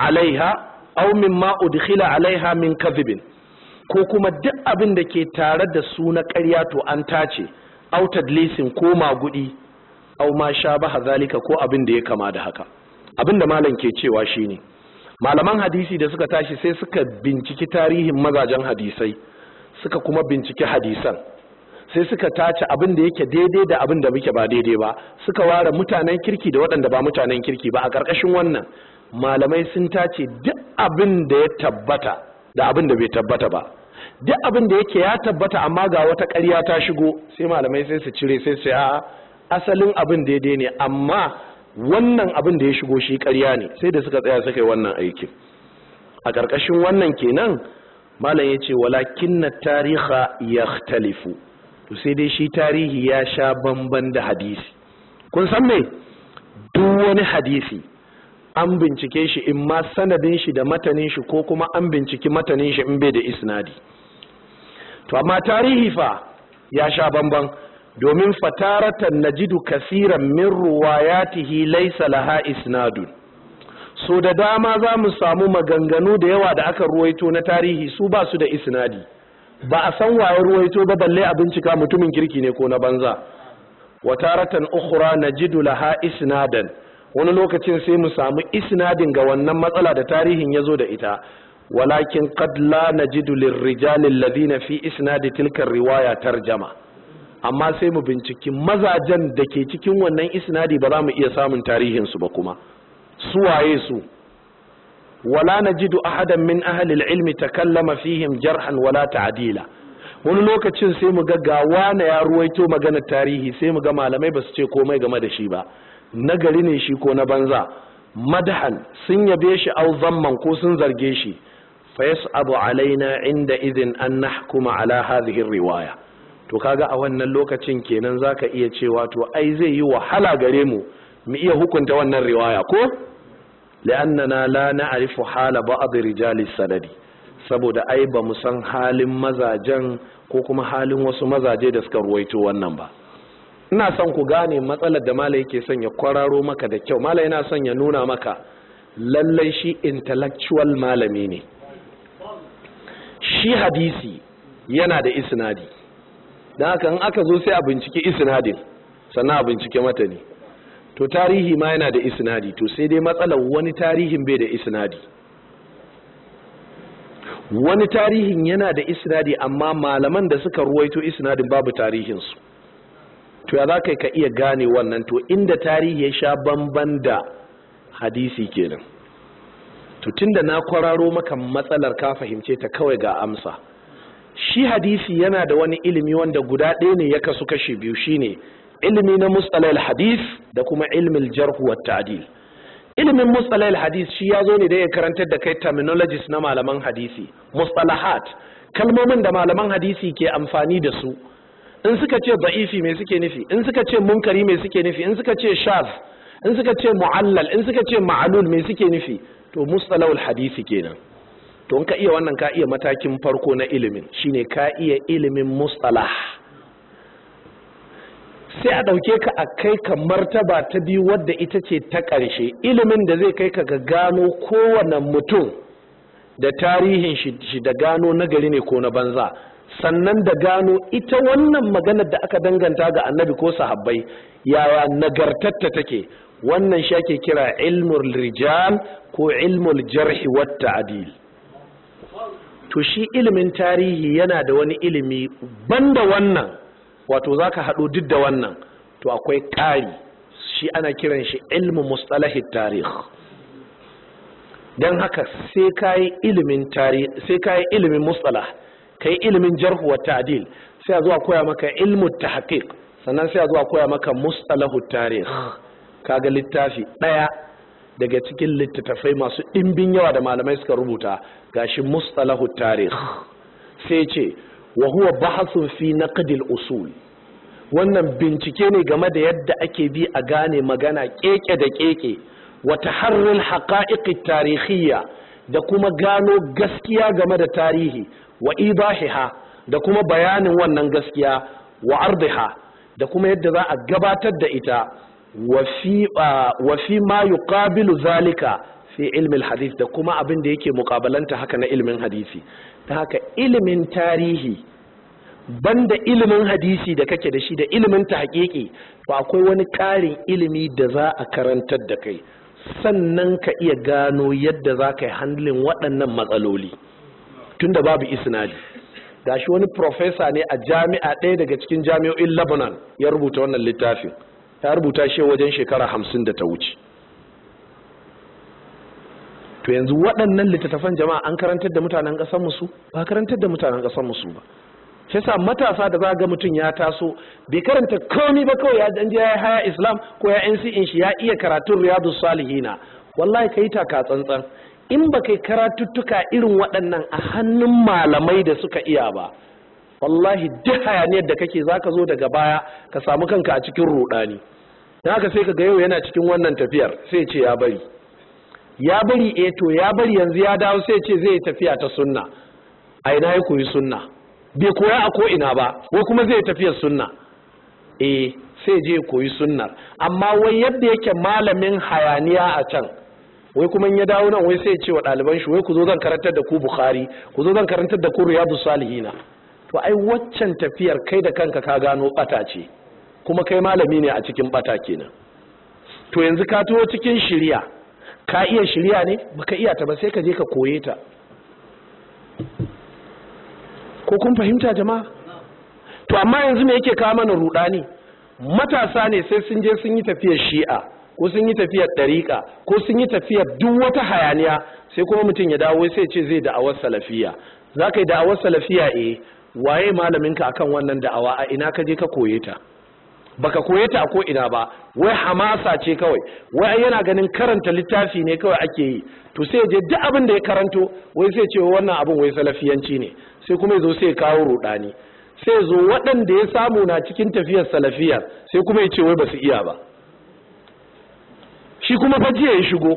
alaiha aw udkhila alaiha min kadhibin ko kuma duk abin da ke tare da su na ƙarya to an tace aw tadlisin ko magudi aw ma shabaha zalika ko abin da ya kama da haka abin da malam ke cewa shine malaman hadisi da suka tashi sai suka binciki tarihin mazajen hadisai suka kuma binciki hadisan sai suka tace abin da yake daidai da abin da muke ba daidai ba suka ware mutanen kirki da waɗanda ba mutanen kirki ba a ƙarƙashin wannan malamai sun tace duk abin da ya tabbata da abin da bai tabbata ba duk abin da yake ya tabbata amma ga wata ƙarya ta shigo sai malamai sai su cire sai su a asalin abin daidai ne amma wannan abin da ya shigo shi ƙarya ne sai da suka tsaya suka yi wannan aikin a ƙarƙashin wannan kenan malam ya ce walakin na tariha ya talifu to sai dai shi tarihi ya sha bamban da hadisi kun san me duk wani hadisi an bincike shi in ma sanadin shi da matanin shi ko kuma an binciki matanin shi in bai da isnadi to amma tarihi fa ya sha bamban domin fataratan najidu kasiran min ruwayatihi laysa laha isnadun so da dama za mu samu maganganu da yawa da aka ruwaito na tarihi su ba su da isnadi ba a san waye ruwaito ba balle a bincika mutumin kirki ne ko na banza wa taratan ukhra najidu laha isnadan wani lokacin sai mu samu isnadin ga wannan matsala da tarihin yazo da ita walakin qad la najidu lirrijali alladhina fi isnadi tilka riwaya tarjama amma sai mu binciki mazajen da ke cikin wannan isnadi ba za mu iya samun tarihin su ba kuma su waye su wala najidu ahadan min ahli al-ilmi takallama fihim jarhan wala ta'dila wani lokacin sai mu ga gawa na ya ruwaito magana tarihi sai mu ga malamai ba su ce komai game da shi ba nagari ne shi ko na banza Madhan sun yabe shi au zamman ko sun zarge shi fa yas'abu alaina inda idin an nahkuma ala hadhihi riwaya to kaga a wannan lokacin kenan zaka iya cewa to ai zai yi wahala gare mu mu iya hukunta wannan riwaya ko la'annana la na'rifu hala ba'd rijalis sanadi saboda ai ba mu san halin mazajen ko kuma halin wasu mazaje da suka ruwaito wannan ba ina son ku gane matsalar da mala yake son ya kwararo maka da kyau mala yana son ya nuna maka lallai shi intellectual malami ne shi hadisi yana da isnadi don haka in aka zo sai a bincike isnadin sannan a bincike matani to tarihi ma yana da isnadi to sai dai matsalar wani tarihin bai da isnadi wani tarihin yana da isnadi amma malaman da suka ruwaito isnadin babu tarihinsu to ya za ka ka iya gane wannan to inda tarihi ya sha bamban da hadisi kenan to tunda na kwararo maka matsalar ka fahimce ta kawai ga amsa shi hadisi yana da wani ilimi wanda guda ɗaya ne ya kasu kashe biyu shine ilimi na mustalahil hadith da kuma ilmin jarh wa ta'dil ilimin mustalahil hadith shi ya zo ne da ya karantar da kai terminologies na malaman hadisi mustalahat kalmomin da malaman hadisi ke amfani da su in suka ce da'ifi me suke nufi in suka ce munkari me suke nufi in suka ce shaz in suka ce mu'allal in suka ce ma'lul me suke nufi to mustalahul hadisi kenan to in ka iya wannan ka iya matakin farko na ilimin shine ka iya ilimin mustalah sai a ɗauke ka a kai ka martaba ta biyu wadda ita ce ta ƙarshe ilimin da zai kai ka ga gano kowane mutum da tarihin shi da gano na gari ne ko na banza sannan da gano ita wannan maganar da aka danganta ga annabi ko sahabbai yaya nagartatta take wannan shi ake kira ilmul rijal ko ilmul jarhi wat ta'dil to shi ilimin tarihi yana da wani ilimi banda wannan wato za ka haɗo duk da wannan to akwai ƙari shi ana kiran shi ilmu mustalahin tarih don haka sai ka yi ilmin ilimin mustalah kai ilimin jarhu wa sai a zuwa koya maka ilmu tahqiq sannan sai a zuwa koya maka mustalahin tarih ga littafi ɗaya daga cikin littattafai masu ɗimbin yawa da malamai suka rubuta gashi mustalahin tarih sai ce wa huwa bahasun fi naqdil usul wannan bincike ne game da yadda ake bi a gane magana keke da keke wa taharrul haqa'iq tarihiyya da kuma gano gaskiya game da tarihi wa idahiha da kuma bayanin wannan gaskiya wa ardiha da kuma yadda za a gabatar da ita wa fi ma yuqabilu zalika fi ilmin hadith da kuma abin da yake mukabalanta haka na ilmin hadisi ta haka ilimin tarihi banda ilimin hadisi da kake da shi da ilimin ta tahqiqi ba akwai wani ƙarin ilimi da za a karantar da kai sannan ka iya gano yadda za ka yi handling waɗannan matsaloli Tun da babu isnadi shi wani profesa ne a jami'a ɗaya daga cikin jami'o'in Lebanon ya rubuta wannan littafin ya rubuta shi wajen shekara hamsin da ta wuce to yanzu waɗannan littattafan jama'a an karantar da mutanen ƙasar musu ba karantar da mutanen ƙasar musu ba sai sa matasa da za ga mutum ya taso bai karanta komi ba kawai ya je ya haya islam ko ya yan in shi ya iya karatun riyadu salihina wallahi kai taka tsantsan in ba kai karatuttuka irin waɗannan a hannun malamai da suka iya ba wallahi duk hayaniyar da kake zaka zo daga baya ka samu kanka a cikin Na haka sai ka ga yau yana cikin wannan tafiyar sai ce ya bari ya bari e to ya bari yanzu ya dawo sai ce zai tafiya ta sunna a ina ya koyi sunna bai koya a ko'ina ba ko kuma zai tafiya sunna e sai je koyi sunnar amma wai yadda yake malamin hayaniya a can wai kuma ya dawo nan wai sai ce wa ɗaliban shi wai ku zo zan karantar da ku bukhari ku zo zan karantar da ku riyadu salihina to ai waccan tafiyar kai da kanka ka gano bata ce kuma kai malami ne a cikin bata kenan to yanzu ka taho cikin shirya ka iya shirya ne baka iya ta ba sai ka je ka koye ta ko kun fahimta jama'a to amma yanzu me yake kawo mana rudani matasa ne sai sun je sun yi tafiyar shi'a ko sun yi tafiyar ɗariƙa ko sun yi tafiyar duk wata hayaniya sai kuma mutum ya dawo sai ce zai da'awar salafiya za ka yi da'awar salafiya eh waye malaminka akan wannan da'awa a ina ka je ka koye ta baka koye ta a ko ina ba wai hamasa ce kawai wai yana ganin karanta littafi ne kawai ake yi to sai je duk abin da ya karanto wai sai ce wannan abin wai salafiyanci ne sai kuma zo sai kawo rudani sai zo waɗanda ya samu na cikin tafiyar salafiyar sai kuma ya ce wai ba su iya ba shi kuma fa jiya ya shigo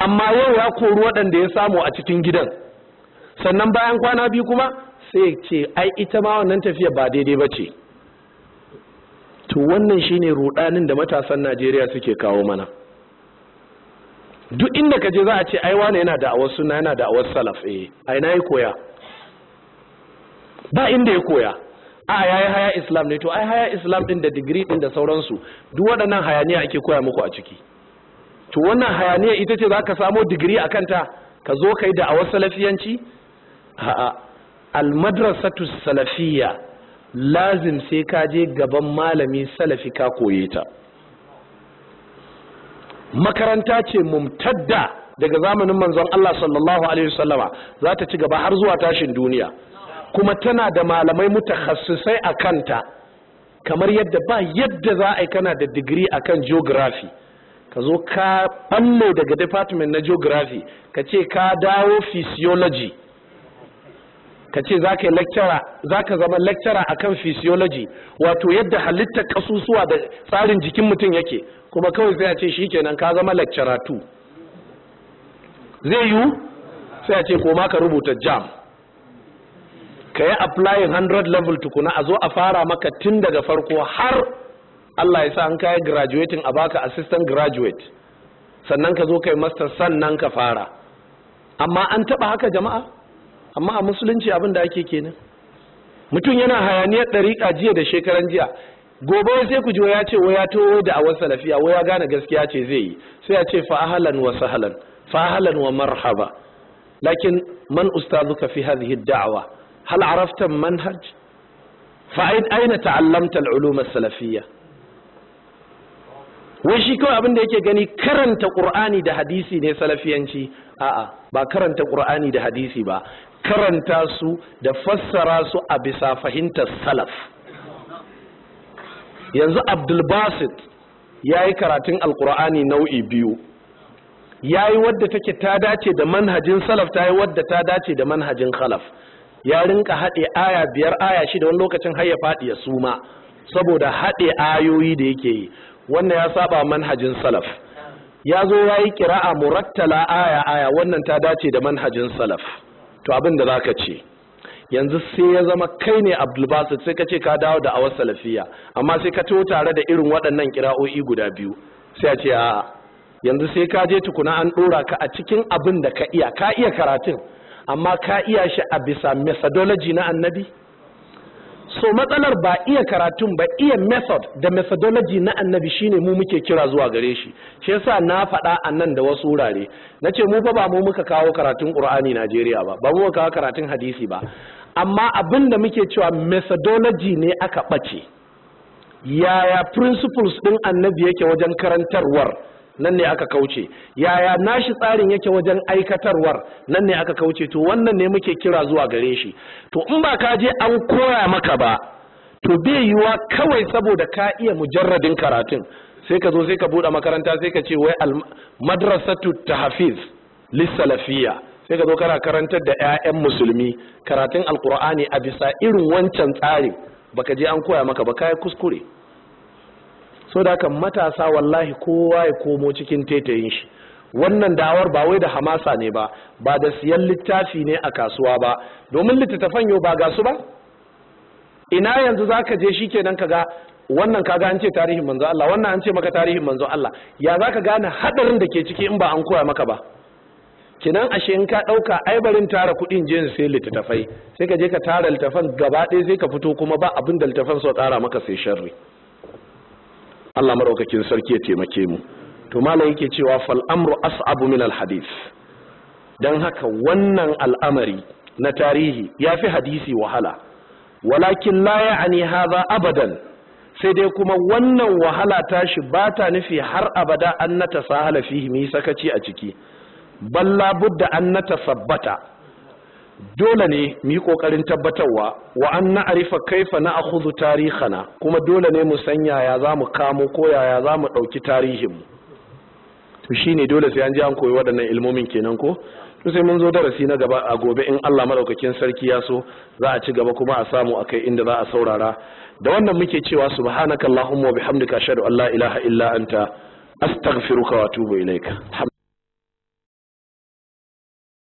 amma yau ya kori waɗanda ya samu a cikin gidan sannan bayan kwana biyu kuma sai ce ai ita ma wannan tafiyar ba daidai ba ce to wannan shine rudanin da matasan Najeriya suke kawo mana duk inda ka je za a ce ai yana da awar suna yana da awar salaf eh ai na yi koya ba inda ya koya a ya yi haya islam ne to ai haya islam din da digiri din da sauransu duk waɗannan hayaniya ake koya muku a ciki to wannan hayaniya ita ce za ka samo digiri a kanta ka zo ka yi da awar salafiyanci a'a al madrasatu salafiyya lazim sai ka je gaban malami salafi ka koye ta makaranta ce mumtadda daga zamanin manzon Allah sallallahu alaihi wasallama za ta ci gaba har zuwa tashin duniya kuma tana da malamai mutakhassisai a kanta kamar yadda ba yadda za a yi kana da digiri akan geography ka zo ka ɓallo daga department na geography ka ce ka dawo physiology ka ce za ka lecturer za ka zama lecturer akan physiology wato yadda halittar kasusuwa da tsarin jikin mutum yake kuma kawai sai a ce shikenan ka zama lecturer tu zai yiwu sai a ce koma ka rubuta jam ka yi applying 100 level tukuna a zo a fara maka tun daga farko har Allah ya sa an kayi graduating a baka assistant graduate sannan ka zo kai master sannan ka fara amma an taba haka jama'a amma a musulunci abin da ake kenan mutum yana hayaniyar ɗariƙa jiya da shekaran jiya gobe sai ku ji ya ce waya to da awan salafiya waya gane gaskiya ce zai yi sai ya ce fa'ahalan wa sahalan fa'ahalan wa marhaba lakin man ustazuka fi hadhihi da'wa hal arafta manhaj fa'id aina ta'allamta al-ulum wai shi kawai abin da yake gani karanta qur'ani da hadisi ne salafiyanci a'a ba karanta qur'ani da hadisi ba karanta su da fassara su a bisa fahimtar salaf yanzu abdulbasit ya yi karatun alkur'ani nau'i biyu ya yi wadda take ta dace da manhajin salaf ta yi wadda ta dace da manhajin khalaf ya rinka haɗe aya biyar aya shida wani lokacin har ya faɗi ya suma saboda haɗe ayoyi da yake yi wannan ya saba manhajin salaf ya zo ya yi kira'a murattala aya aya wannan ta dace da manhajin salaf to abin da za ka ce yanzu sai ya zama kai ne Abdulbasir sai ka ce ka dawo da awar salafiya amma sai ka to tare da irin waɗannan kira'o'i guda biyu sai a ce a'a yanzu sai ka je tukuna an ɗora ka a cikin abin da ka iya ka iya karatun amma ka iya shi a bisa methodology na annabi so matsalar ba iya karatun ba iya method da methodology na annabi shine mu muke kira zuwa gare shi shi yasa na faɗa a nan da wasu wurare na ce mu fa ba mu muka kawo karatun ƙur'ani najeriya ba ba mu muka kawo karatun hadisi ba amma abin da muke cewa methodology ne aka ɓace yaya principles ɗin annabi yake wajen karantarwar nan ne aka kauce yaya nashi tsarin yake wajen aikatarwar nan ne aka kauce to wannan ne muke kira zuwa gare shi to in ba ka je an koya maka ba to bai yiwa kawai saboda ka iya mujarradin karatun sai ka zo sai ka bude makaranta sai ka ce wai madrasatu tahfiz lissalafiyya sai ka zo kana karantar da 'ya'yan musulmi karatun alkur'ani a bisa irin wancan tsarin, baka je an koya maka ba kai kuskure so da haka matasa wallahi kowa ya komo cikin tetayin shi wannan dawar ba wai da hamasa ne ba ba da siyan littafi ne a kasuwa ba domin littattafan yau ba gasu ba ina yanzu za ka je shikenan ka ga wannan kaga an ce tarihin manzo Allah wannan an ce maka tarihin manzo Allah ya za ka gane hadarin da ke ciki in ba an koya maka ba kinan ashe in ka ɗauka aibarin tara kuɗin je sai littattafai sai ka je ka tara littattafan gaba ɗaya sai ka fito kuma ba abin da littattafan so tsara maka sai sharri Allah maraukakin sarki ya taimake mu to malam yake cewa fal amru as'abu min al hadith dan haka wannan al'amari na tarihi ya fi hadisi wahala walakin la ya'ni hadha abadan sai dai kuma wannan wahala tashi ba ta nufi har abada an nata sahala fihi mi sakaci a ciki balla budda an nata sabbata dole ne mu yi kokarin tabbatarwa wa an na arifa kaifa kuzu tarihana kuma dole ne mu san yaya mu kamo ko yaya zamu dauki tarihin mu to shi ne dole sai an ji an koyi waɗannan ilmomin kenan ko to sai mun zo darasi na gaba a gobe in Allah madaukakin sarki ya so za a ci gaba kuma a samu akai inda za a saurara da wannan muke cewa subhanakallahumma wa bihamdika ashhadu an la ilaha illa anta astaghfiruka wa atubu ilaika